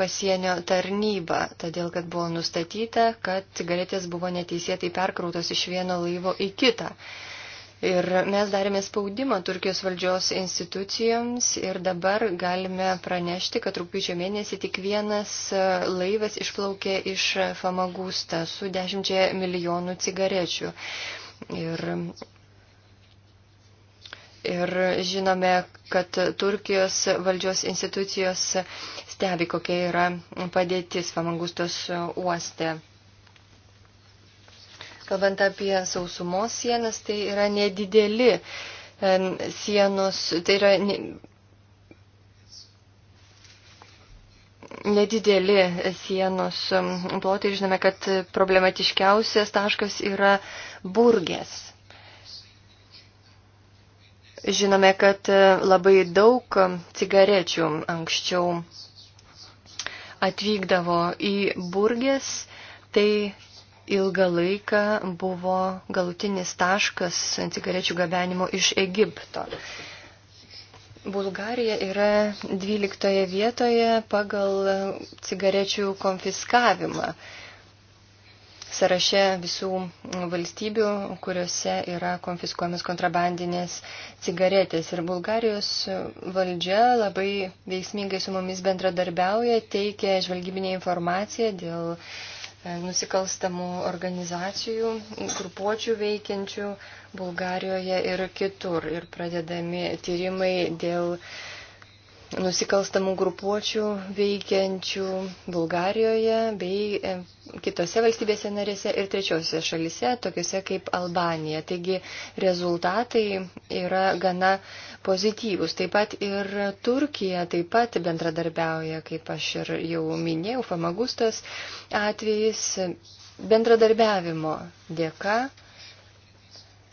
pasienio tarnyba, todėl kad buvo nustatyta, kad galėtės buvo neteisėtai perkrautos iš vieno laivo į kitą. Ir mes darėme spaudimą Turkijos valdžios institucijoms ir dabar galime pranešti, kad rūpiučio mėnesį tik vienas e, laivas išplaukė iš Famagūsta su dešimčia milijonų cigarečių. Ir Ir žinome, kad Turkijos valdžios institucijos stebi, kokia yra padėtis Famangustos uoste. Kalbant apie sausumos sienas, tai yra nedideli sienos, tai yra ne, nedideli sienos plotai. Žinome, kad problematiškiausias taškas yra burgės. Žinome, kad e, labai daug cigarečių anksčiau atvykdavo į burgės, tai ilgą laiką buvo galutinis taškas cigarečių gabenimo iš Egipto. Bulgarija yra 12 vietoje pagal cigarečių konfiskavimą. Saraše visų valstybių, kuriuose yra konfiskuojamas kontrabandinės cigaretės. Ir Bulgarijos valdžia labai veiksmingai su mumis bendradarbiauja, teikia žvalgybinę informaciją dėl uh, E, nusikalstamų organizacijų, grupuočių veikiančių Bulgarijoje ir kitur ir pradedami tyrimai dėl uh, nusikalstamų grupuočių veikiančių Bulgarijoje bei e, kitose valstybėse narėse ir trečiosiose šalise, tokiuose kaip Albanija. Taigi rezultatai yra gana pozityvus. Taip pat ir Turkija taip pat bendradarbiauja, kaip aš ir jau minėjau, Famagustas atvejis bendradarbiavimo dėka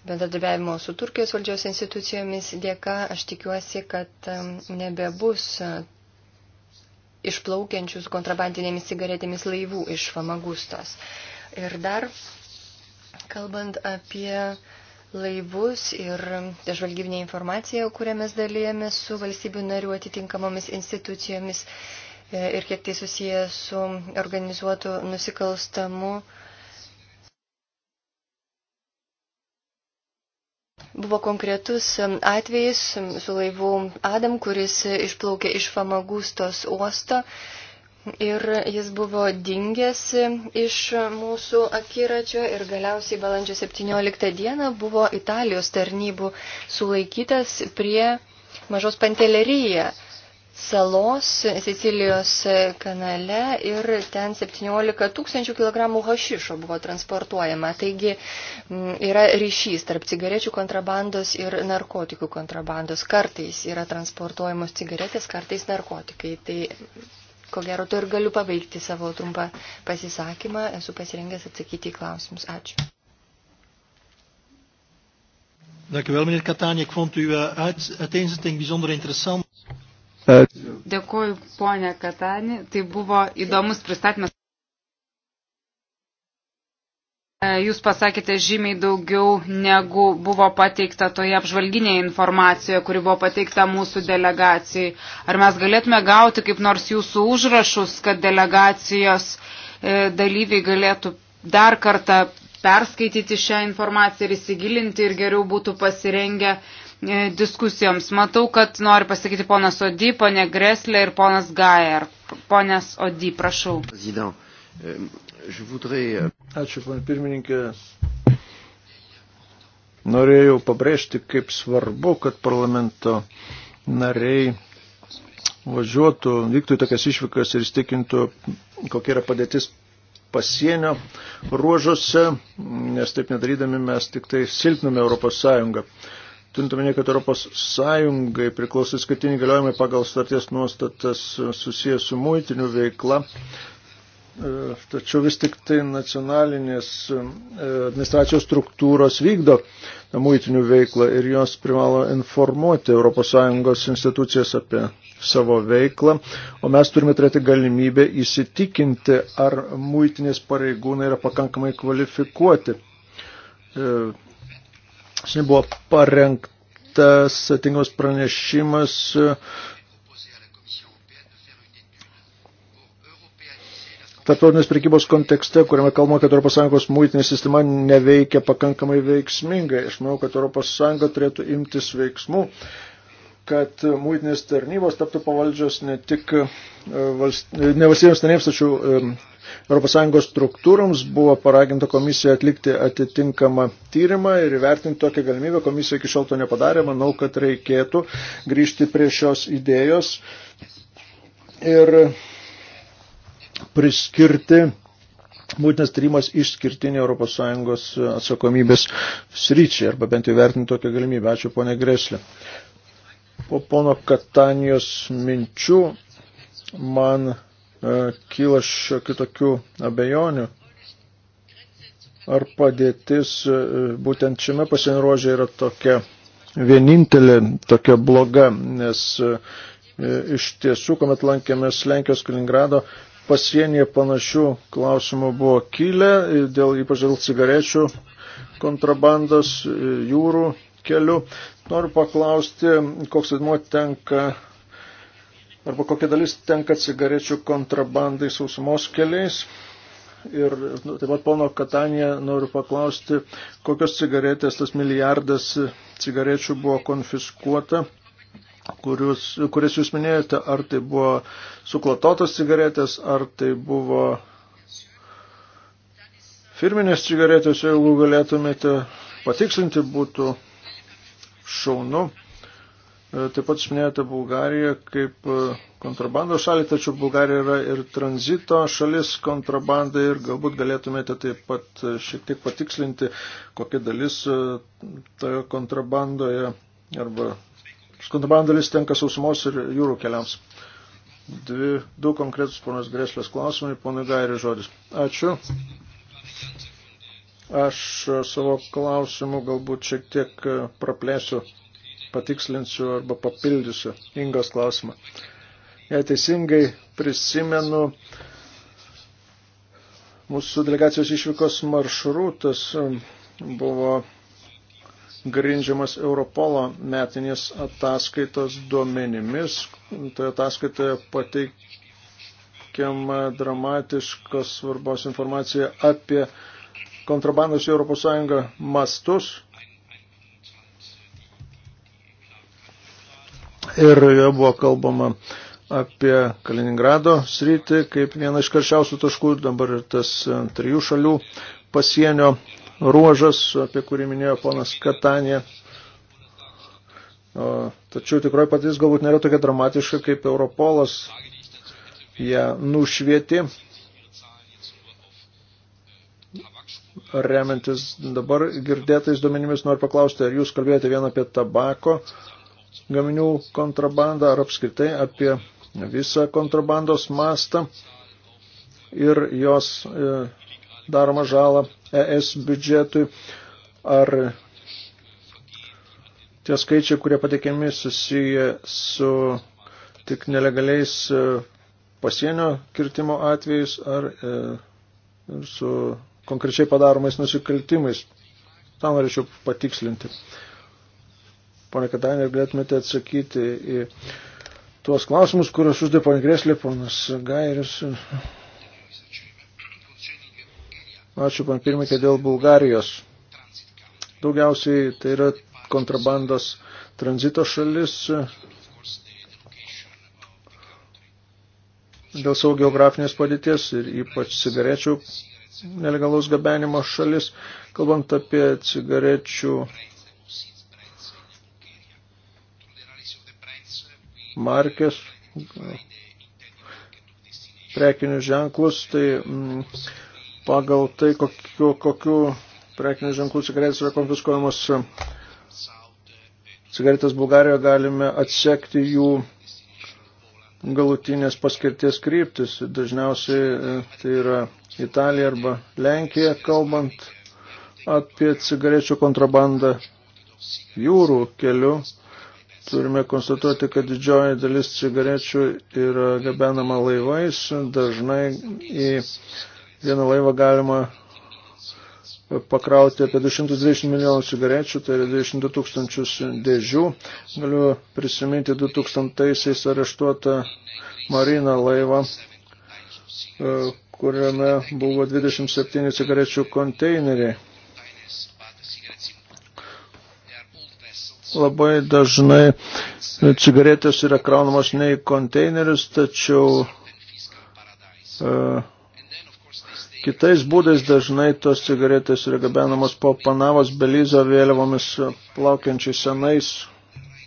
bendradarbiavimo su Turkijos valdžios institucijomis dėka aš tikiuosi, kad nebebus e, išplaukiančius kontrabandinėmis cigaretėmis laivų iš Famagustos. Ir dar, kalbant apie laivus ir žvalgybinę informaciją, kurią mes dalyjame su valstybių narių atitinkamomis institucijomis e, ir kiek tai susiję su organizuotu nusikalstamu Buvo konkretus atvejis su laivu Adam, kuris išplaukė iš Famagustos uosto ir jis buvo dingęs iš mūsų akiračio ir galiausiai balandžio 17 dieną buvo Italijos tarnybų sulaikytas prie mažos panteleryje salos Sicilijos kanale ir ten 17 tūkstančių kilogramų hašišo buvo transportuojama. Taigi yra ryšys tarp cigarečių kontrabandos ir narkotikų kontrabandos. Kartais yra transportuojamos cigaretės, kartais narkotikai. Tai ko gero to ir galiu pabaigti savo trumpą pasisakymą. Esu pasirengęs atsakyti į klausimus. Ačiū. Dank u wel, meneer Kataan. Ik vond uw eh, uiteenzetting bijzonder interessant. Dėkuoju, ponė Katani. Tai buvo įdomus pristatymas. E, jūs pasakėte žymiai daugiau, negu buvo pateikta toje apžvalginėje informacijoje, kuri buvo pateikta mūsų delegacijai. Ar mes galėtume gauti kaip nors jūsų užrašus, kad delegacijos e, dalyviai galėtų dar kartą perskaityti šią informaciją ir įsigilinti ir geriau būtų pasirengę uh, E, diskusijoms. Matau, kad nori pasakyti ponas Odi, ponė Greslė ir ponas Gajer. Ponas Odi, prašau. E, e, Ačiū, ponė pirmininkė. Norėjau pabrėžti, kaip svarbu, kad parlamento nariai važiuotų, vyktų į tokias išvykas ir įstikintų, kokia yra padėtis pasienio ruožuose, nes taip nedarydami mes tik tai silpname Europos Sąjungą. Turintuomenė, kad Europos Sąjungai priklauso skatiniai galiojimai pagal starties nuostatas susijęs su muitiniu veikla, e, tačiau vis tik tai nacionalinės e, administracijos struktūros vykdo muitinių veiklą ir jos privalo informuoti ES institucijas apie savo veiklą, o mes turime turėti galimybę įsitikinti, ar muitinės pareigūnai yra pakankamai kvalifikuoti e, Šiandien buvo parengtas atingos pranešimas tarptautinės prekybos kontekste, kuriame kalbama, kad ES muitinė sistema neveikia pakankamai veiksmingai. Aš manau, kad ES turėtų imtis veiksmų kad muitinės tarnybos taptų pavaldžios ne tik e, valst... E, ne valstybėms tarnybėms, tačiau ES struktūroms buvo paraginta komisija atlikti atitinkamą tyrimą ir įvertinti tokią galimybę. Komisija iki šiol to nepadarė. Manau, kad reikėtų grįžti prie šios idėjos ir priskirti Būtinas tyrimas išskirtinė ES atsakomybės sryčiai, arba bent jau vertinti tokią galimybę. Ačiū, ponė Greslė. Po pono Katanijos minčių man e, kyla šiokių tokių abejonių, ar padėtis e, būtent šiame pasienruožė yra tokia vienintelė, tokia bloga, nes e, e iš tiesų, kuomet lankėmės Lenkijos Kaliningrado, pasienyje panašių klausimų buvo kilę, dėl, ypač dėl cigarečių kontrabandos e, jūrų keliu. Noriu paklausti, koks vaidmuo tenka arba kokia dalis tenka cigarečių kontrabandai sausumos keliais. Ir nu, taip pat pono Katanė noriu paklausti, kokios cigaretės tas milijardas cigarečių buvo konfiskuota, kurius, kurias jūs minėjote, ar tai buvo suklatotos cigaretės, ar tai buvo firminės cigaretės, jeigu galėtumėte patikslinti, būtų šaunu. E, taip pat minėjote Bulgariją kaip e, kontrabandos šalį, tačiau Bulgarija yra ir tranzito šalis kontrabandai ir galbūt galėtumėte taip pat e, šiek tiek patikslinti, kokia dalis toje kontrabandoje arba kontrabando dalis tenka sausumos ir jūrų keliams. Dvi, du konkretus ponas Greslės klausimai, ponui Gairi žodis. Ačiū. Aš savo klausimų galbūt šiek tiek praplėsiu, patikslinsiu arba papildysiu Ingos klausimą. Jei teisingai prisimenu, mūsų delegacijos išvykos maršrutas buvo grindžiamas Europolo metinės ataskaitos duomenimis. Toje ataskaitoje pateikiama dramatiškos svarbos informacija apie kontrabandos į ES mastus. Ir joje buvo kalbama apie Kaliningrado sritį kaip vieną iš karščiausių taškų, dabar ir tas e, trijų šalių pasienio ruožas, apie kurį minėjo ponas Katanė. Tačiau tikroji patys galbūt nėra tokia dramatiška, kaip Europolas ją nušvieti. remiantis dabar girdėtais duomenimis, noriu paklausti, ar jūs kalbėjote vien apie tabako gaminių kontrabandą, ar apskritai apie visą kontrabandos mastą ir jos e, daromą žalą ES biudžetui, ar tie skaičiai, kurie pateikiami susiję su tik nelegaliais e, pasienio kirtimo atvejais ar e, su konkrečiai padaromais nusikaltimais. Tą norėčiau patikslinti. Pone Katanė, galėtumėte atsakyti į tuos klausimus, kuriuos uždė ponė Greslė, ponas Gairis. Ačiū, pan pirmininkė, dėl Bulgarijos. Daugiausiai tai yra kontrabandos tranzito šalis, dėl savo geografinės padėties ir ypač cigarečių nelegalaus gabenimo šalis, kalbant apie cigarečių markės, prekinius ženklus, tai m, mm, pagal tai, kokiu, kokiu prekinių ženklų cigaretės yra konfiskuojamos cigaretės Bulgarijoje, galime atsekti jų galutinės paskirties kryptis. Dažniausiai e, tai yra Italija arba Lenkija, kalbant apie cigarečių kontrabandą jūrų keliu. Turime konstatuoti, kad didžioji dalis cigarečių yra gabenama laivais. Dažnai į vieną laivą galima pakrauti apie 220 milijonų cigarečių, tai yra 22 tūkstančius dėžių. Galiu prisiminti 2000-aisiais areštuotą mariną laivą, e, kuriame buvo 27 cigarečių konteineriai. Labai dažnai cigaretės yra kraunamos ne į konteinerius, tačiau uh, Kitais būdais dažnai tos cigaretės yra gabenamos po Panavos Belizo vėliavomis plaukiančiais senais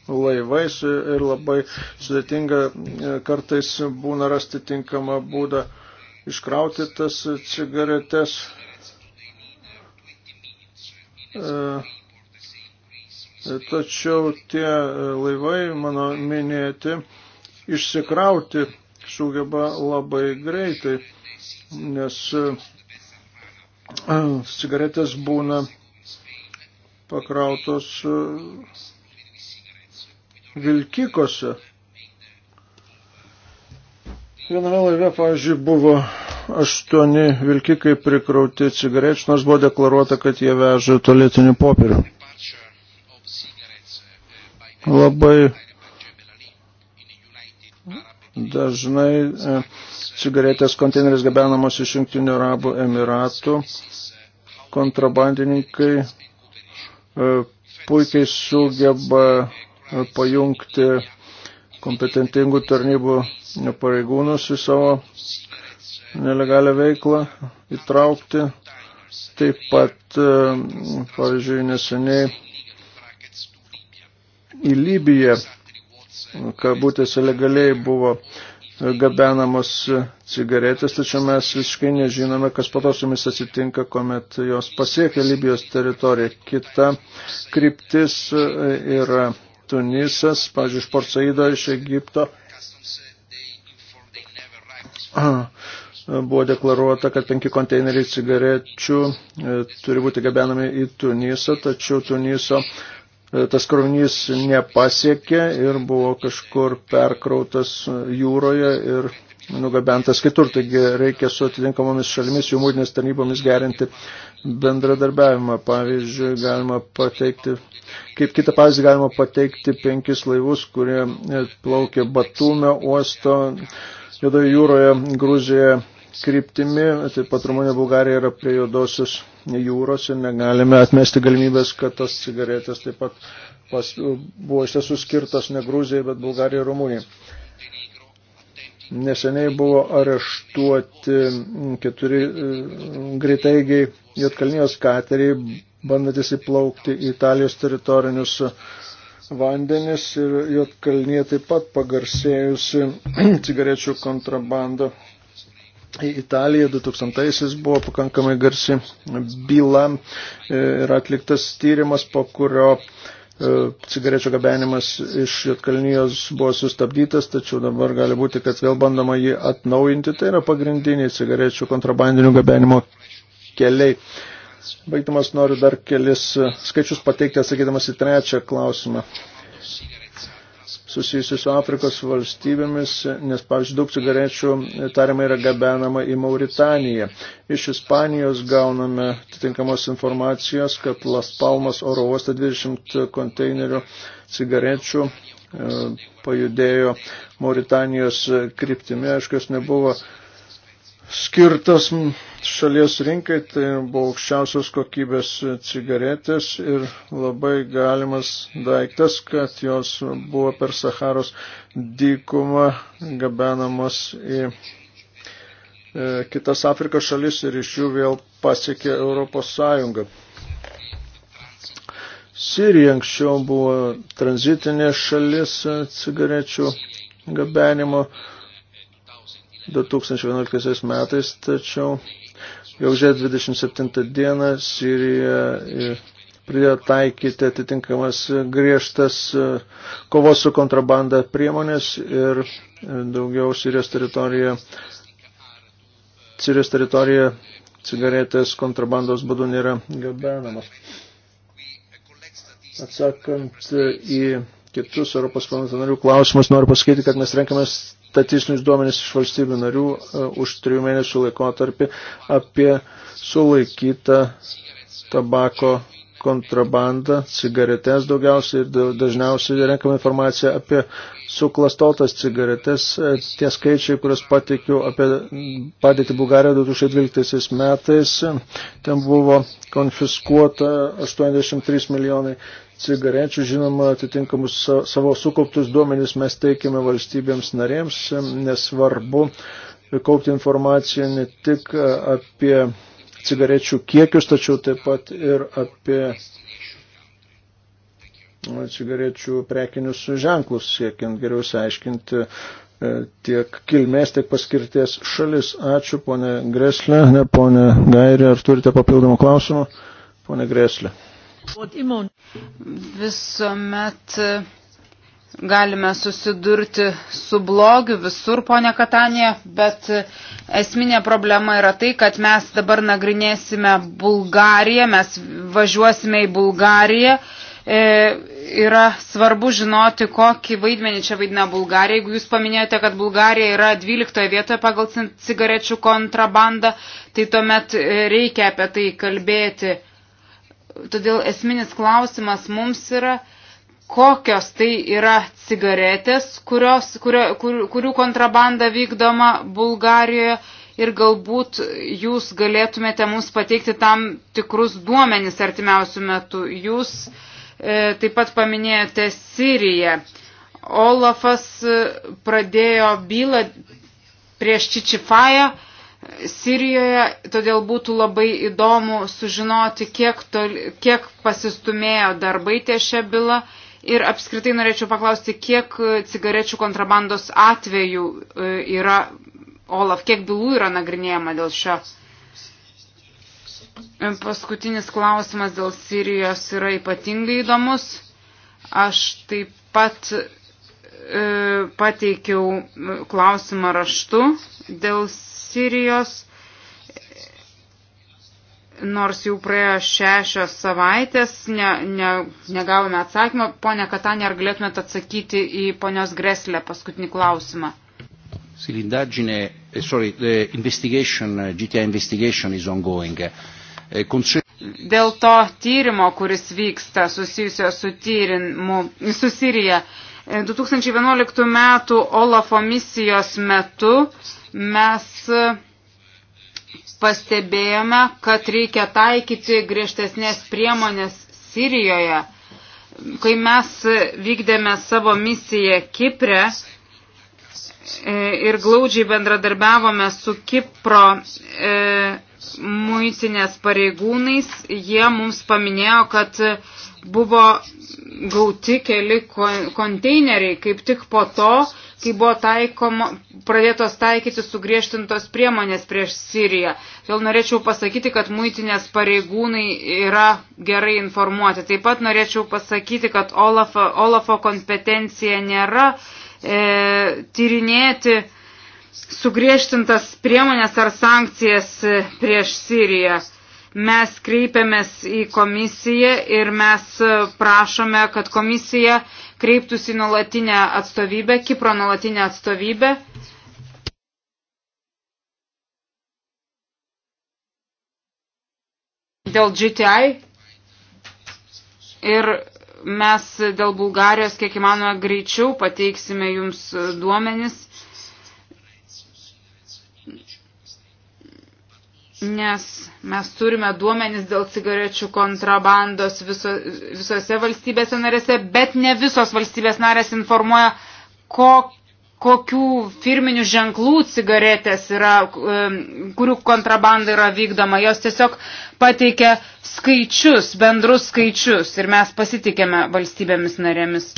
laivais ir labai sudėtinga e, kartais būna rasti tinkamą būdą iškrauti tas cigaretes. E, tačiau tie e, laivai, mano minėti, išsikrauti sugeba labai greitai nes e, cigaretės būna pakrautos e, vilkikose. Viename laive, pavyzdžiui, buvo aštuoni vilkikai prikrauti cigarečių, nors buvo deklaruota, kad jie veža tolėtinių popierių. Labai dažnai e, cigaretės konteineris gabenamos iš Junktinių Arabų Emiratų. Kontrabandininkai e, puikiai sugeba e, pajungti kompetentingų tarnybų pareigūnus į savo nelegalią veiklą įtraukti. Taip pat, e, pavyzdžiui, neseniai į Libiją, kabutėse legaliai buvo uh, gabenamos cigaretės, tačiau mes visiškai nežinome, kas po to su jomis atsitinka, kuomet jos pasiekia Libijos teritoriją. Kita kryptis e, yra Tunisas, pavyzdžiui, iš Porsaido, iš Egipto. Buvo deklaruota, kad penki konteineriai cigarečių e, turi būti gabenami į Tunisą, tačiau Tuniso E, tas krovinys nepasiekė ir buvo kažkur perkrautas jūroje ir nugabentas kitur. Taigi reikia su atitinkamomis šalimis, jų mūtinės tarnybomis gerinti bendradarbiavimą. Pavyzdžiui, galima pateikti, kaip kitą pavyzdį galima pateikti penkis laivus, kurie plaukė Batumio uosto Juodoje jūroje, Gruzijoje kryptimi, taip pat Rumunija, Bulgarija yra prie juodosios jūros ir negalime atmesti galimybės, kad tas cigaretės taip pat pas, buvo iš tiesų skirtas ne Gruzijai, bet Bulgarijai ir Rumunijai. Neseniai buvo areštuoti keturi e, greitaigiai Jotkalnijos kateriai, bandantis įplaukti į Italijos teritorinius vandenis ir Jotkalnie taip pat pagarsėjusi cigarečių kontrabandą Italija 2000-aisiais buvo pakankamai garsi byla ir e, atliktas tyrimas, po kurio e, cigarečių gabenimas iš Jotkalnyjos buvo sustabdytas, tačiau dabar gali būti, kad vėl bandoma jį atnaujinti. Tai yra pagrindiniai cigarečių kontrabandinių gabenimo keliai. Baigdamas noriu dar kelis skaičius pateikti atsakydamas į trečią klausimą susijusi su Afrikos valstybėmis, nes, pavyzdžiui, daug cigarečių e, tariamai yra gabenama į Mauritaniją. Iš Ispanijos gauname atitinkamos informacijos, kad Las Palmas oro uoste 20 konteinerių cigarečių e, pajudėjo Mauritanijos kryptimi, aišku, jos nebuvo skirtas šalies rinkai, tai buvo aukščiausios kokybės cigaretės ir labai galimas daiktas, kad jos buvo per Saharos dykumą gabenamos į e, kitas Afrikos šalis ir iš jų vėl pasiekė Europos Sąjungą. Sirija anksčiau buvo tranzitinė šalis cigarečių gabenimo. 2011 metais, tačiau gegužės 27 dieną Sirija e, pradėjo taikyti atitinkamas griežtas e, kovos su kontrabanda priemonės ir e, daugiau Sirijos teritorija, Sirijos teritorija cigaretės kontrabandos būdu nėra gabenamos. Atsakant į kitus Europos parlamento narių klausimus, noriu pasakyti, kad mes renkamės statistinius duomenis iš valstybių narių e, už trijų mėnesių laikotarpį apie sulaikytą tabako kontrabandą, cigaretės daugiausiai ir dažniausiai renkam informaciją apie suklastotas cigaretės. E, tie skaičiai, kuriuos pateikiu apie padėtį Bulgariją 2012 metais, ten buvo konfiskuota 83 milijonai cigarečių, žinoma, atitinkamus savo sukauptus duomenys mes teikiame valstybėms narėms, nesvarbu kaupti informaciją ne tik apie cigarečių kiekius, tačiau taip pat ir apie cigarečių prekinius ženklus, siekiant geriau įsiaiškinti e, tiek kilmės, tiek paskirties šalis. Ačiū, ponė Greslė, ne ponė Gairė, ar turite papildomų klausimų? Pone Greslė. Visuomet galime susidurti su blogiu visur, ponė Katanė, bet esminė problema yra tai, kad mes dabar nagrinėsime Bulgariją, mes važiuosime į Bulgariją. E, yra svarbu žinoti, kokį vaidmenį čia vaidina Bulgarija. Jeigu jūs paminėjote, kad Bulgarija yra 12 vietoje pagal cigarečių kontrabandą, tai tuomet e, reikia apie tai kalbėti. Todėl esminis klausimas mums yra, kokios tai yra cigaretės, kurios, kurio, kur, kurių kontrabanda vykdoma Bulgarijoje ir galbūt jūs galėtumėte mums pateikti tam tikrus duomenys artimiausių metų. Jūs e, taip pat paminėjote Siriją. Olafas e, pradėjo bylą prieš Čičifają. E, Sirijoje, todėl būtų labai įdomu sužinoti, kiek, toli, kiek pasistumėjo darbai ties šią bylą ir apskritai norėčiau paklausti, kiek cigarečių kontrabandos atvejų e, yra, Olaf, kiek bylų yra nagrinėjama dėl šio. E, paskutinis klausimas dėl Sirijos yra ypatingai įdomus. Aš taip pat e, pateikiau e, klausimą raštu dėl Sirijos Sirijos, nors jau praėjo šešios savaitės, ne, ne, negavome atsakymą. Pone Katanė, ar galėtumėte atsakyti į ponios Greslę paskutinį klausimą? Sì, l'indagine, eh, sorry, the investigation, eh, GTA investigation is ongoing. Eh, Dėl to tyrimo, kuris vyksta susijusio su tyrimu, su Sirija, 2011 eh, m. Olafo misijos metu mes pastebėjome, kad reikia taikyti griežtesnės priemonės Sirijoje. Kai mes vykdėme savo misiją Kiprę e, ir glaudžiai bendradarbiavome su Kipro e, muitinės pareigūnais, jie mums paminėjo, kad buvo gauti keli konteineriai, kaip tik po to, kai buvo taikoma, pradėtos taikyti sugriežtintos priemonės prieš Siriją. Vėl norėčiau pasakyti, kad muitinės pareigūnai yra gerai informuoti. Taip pat norėčiau pasakyti, kad Olafo, Olafo kompetencija nėra e, tyrinėti sugriežtintas priemonės ar sankcijas e, prieš Siriją. Mes kreipiamės į komisiją ir mes prašome, kad komisija kreiptųsi nuolatinę atstovybę, Kipro nuolatinę atstovybę. Dėl GTI ir mes dėl Bulgarijos kiek įmanoma greičiau pateiksime jums duomenis nes mes turime duomenis dėl cigarečių kontrabandos viso, visose valstybėse narėse, bet ne visos valstybės narės informuoja, ko, kokių firminių ženklų cigaretės yra, kurių kontrabanda yra vykdoma. Jos tiesiog pateikia skaičius, bendrus skaičius ir mes pasitikėme valstybėmis narėmis.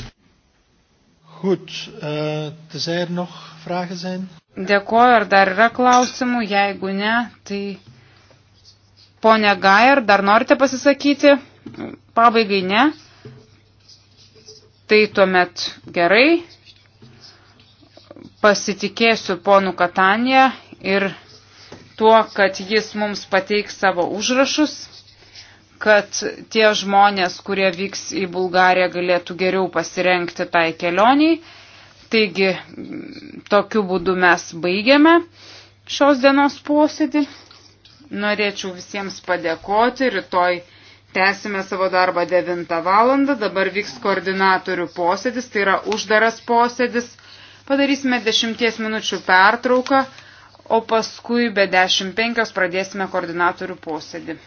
Goed, uh, eh, tenzij er nog vragen zijn. Dėkoju, ar dar yra klausimų, jeigu ne, tai Pone Gair, dar norite pasisakyti? Pabaigai ne. Tai tuomet gerai. Pasitikėsiu ponu Katanė ir tuo, kad jis mums pateiks savo užrašus, kad tie žmonės, kurie vyks į Bulgariją, galėtų geriau pasirenkti tai kelioniai. Taigi, tokiu būdu mes baigiame šios dienos posėdį. Norėčiau visiems padėkoti. Rytoj tęsime savo darbą 9 valandą. Dabar vyks koordinatorių posėdis, tai yra uždaras posėdis. Padarysime 10 minučių pertrauką, o paskui be 15 pradėsime koordinatorių posėdį.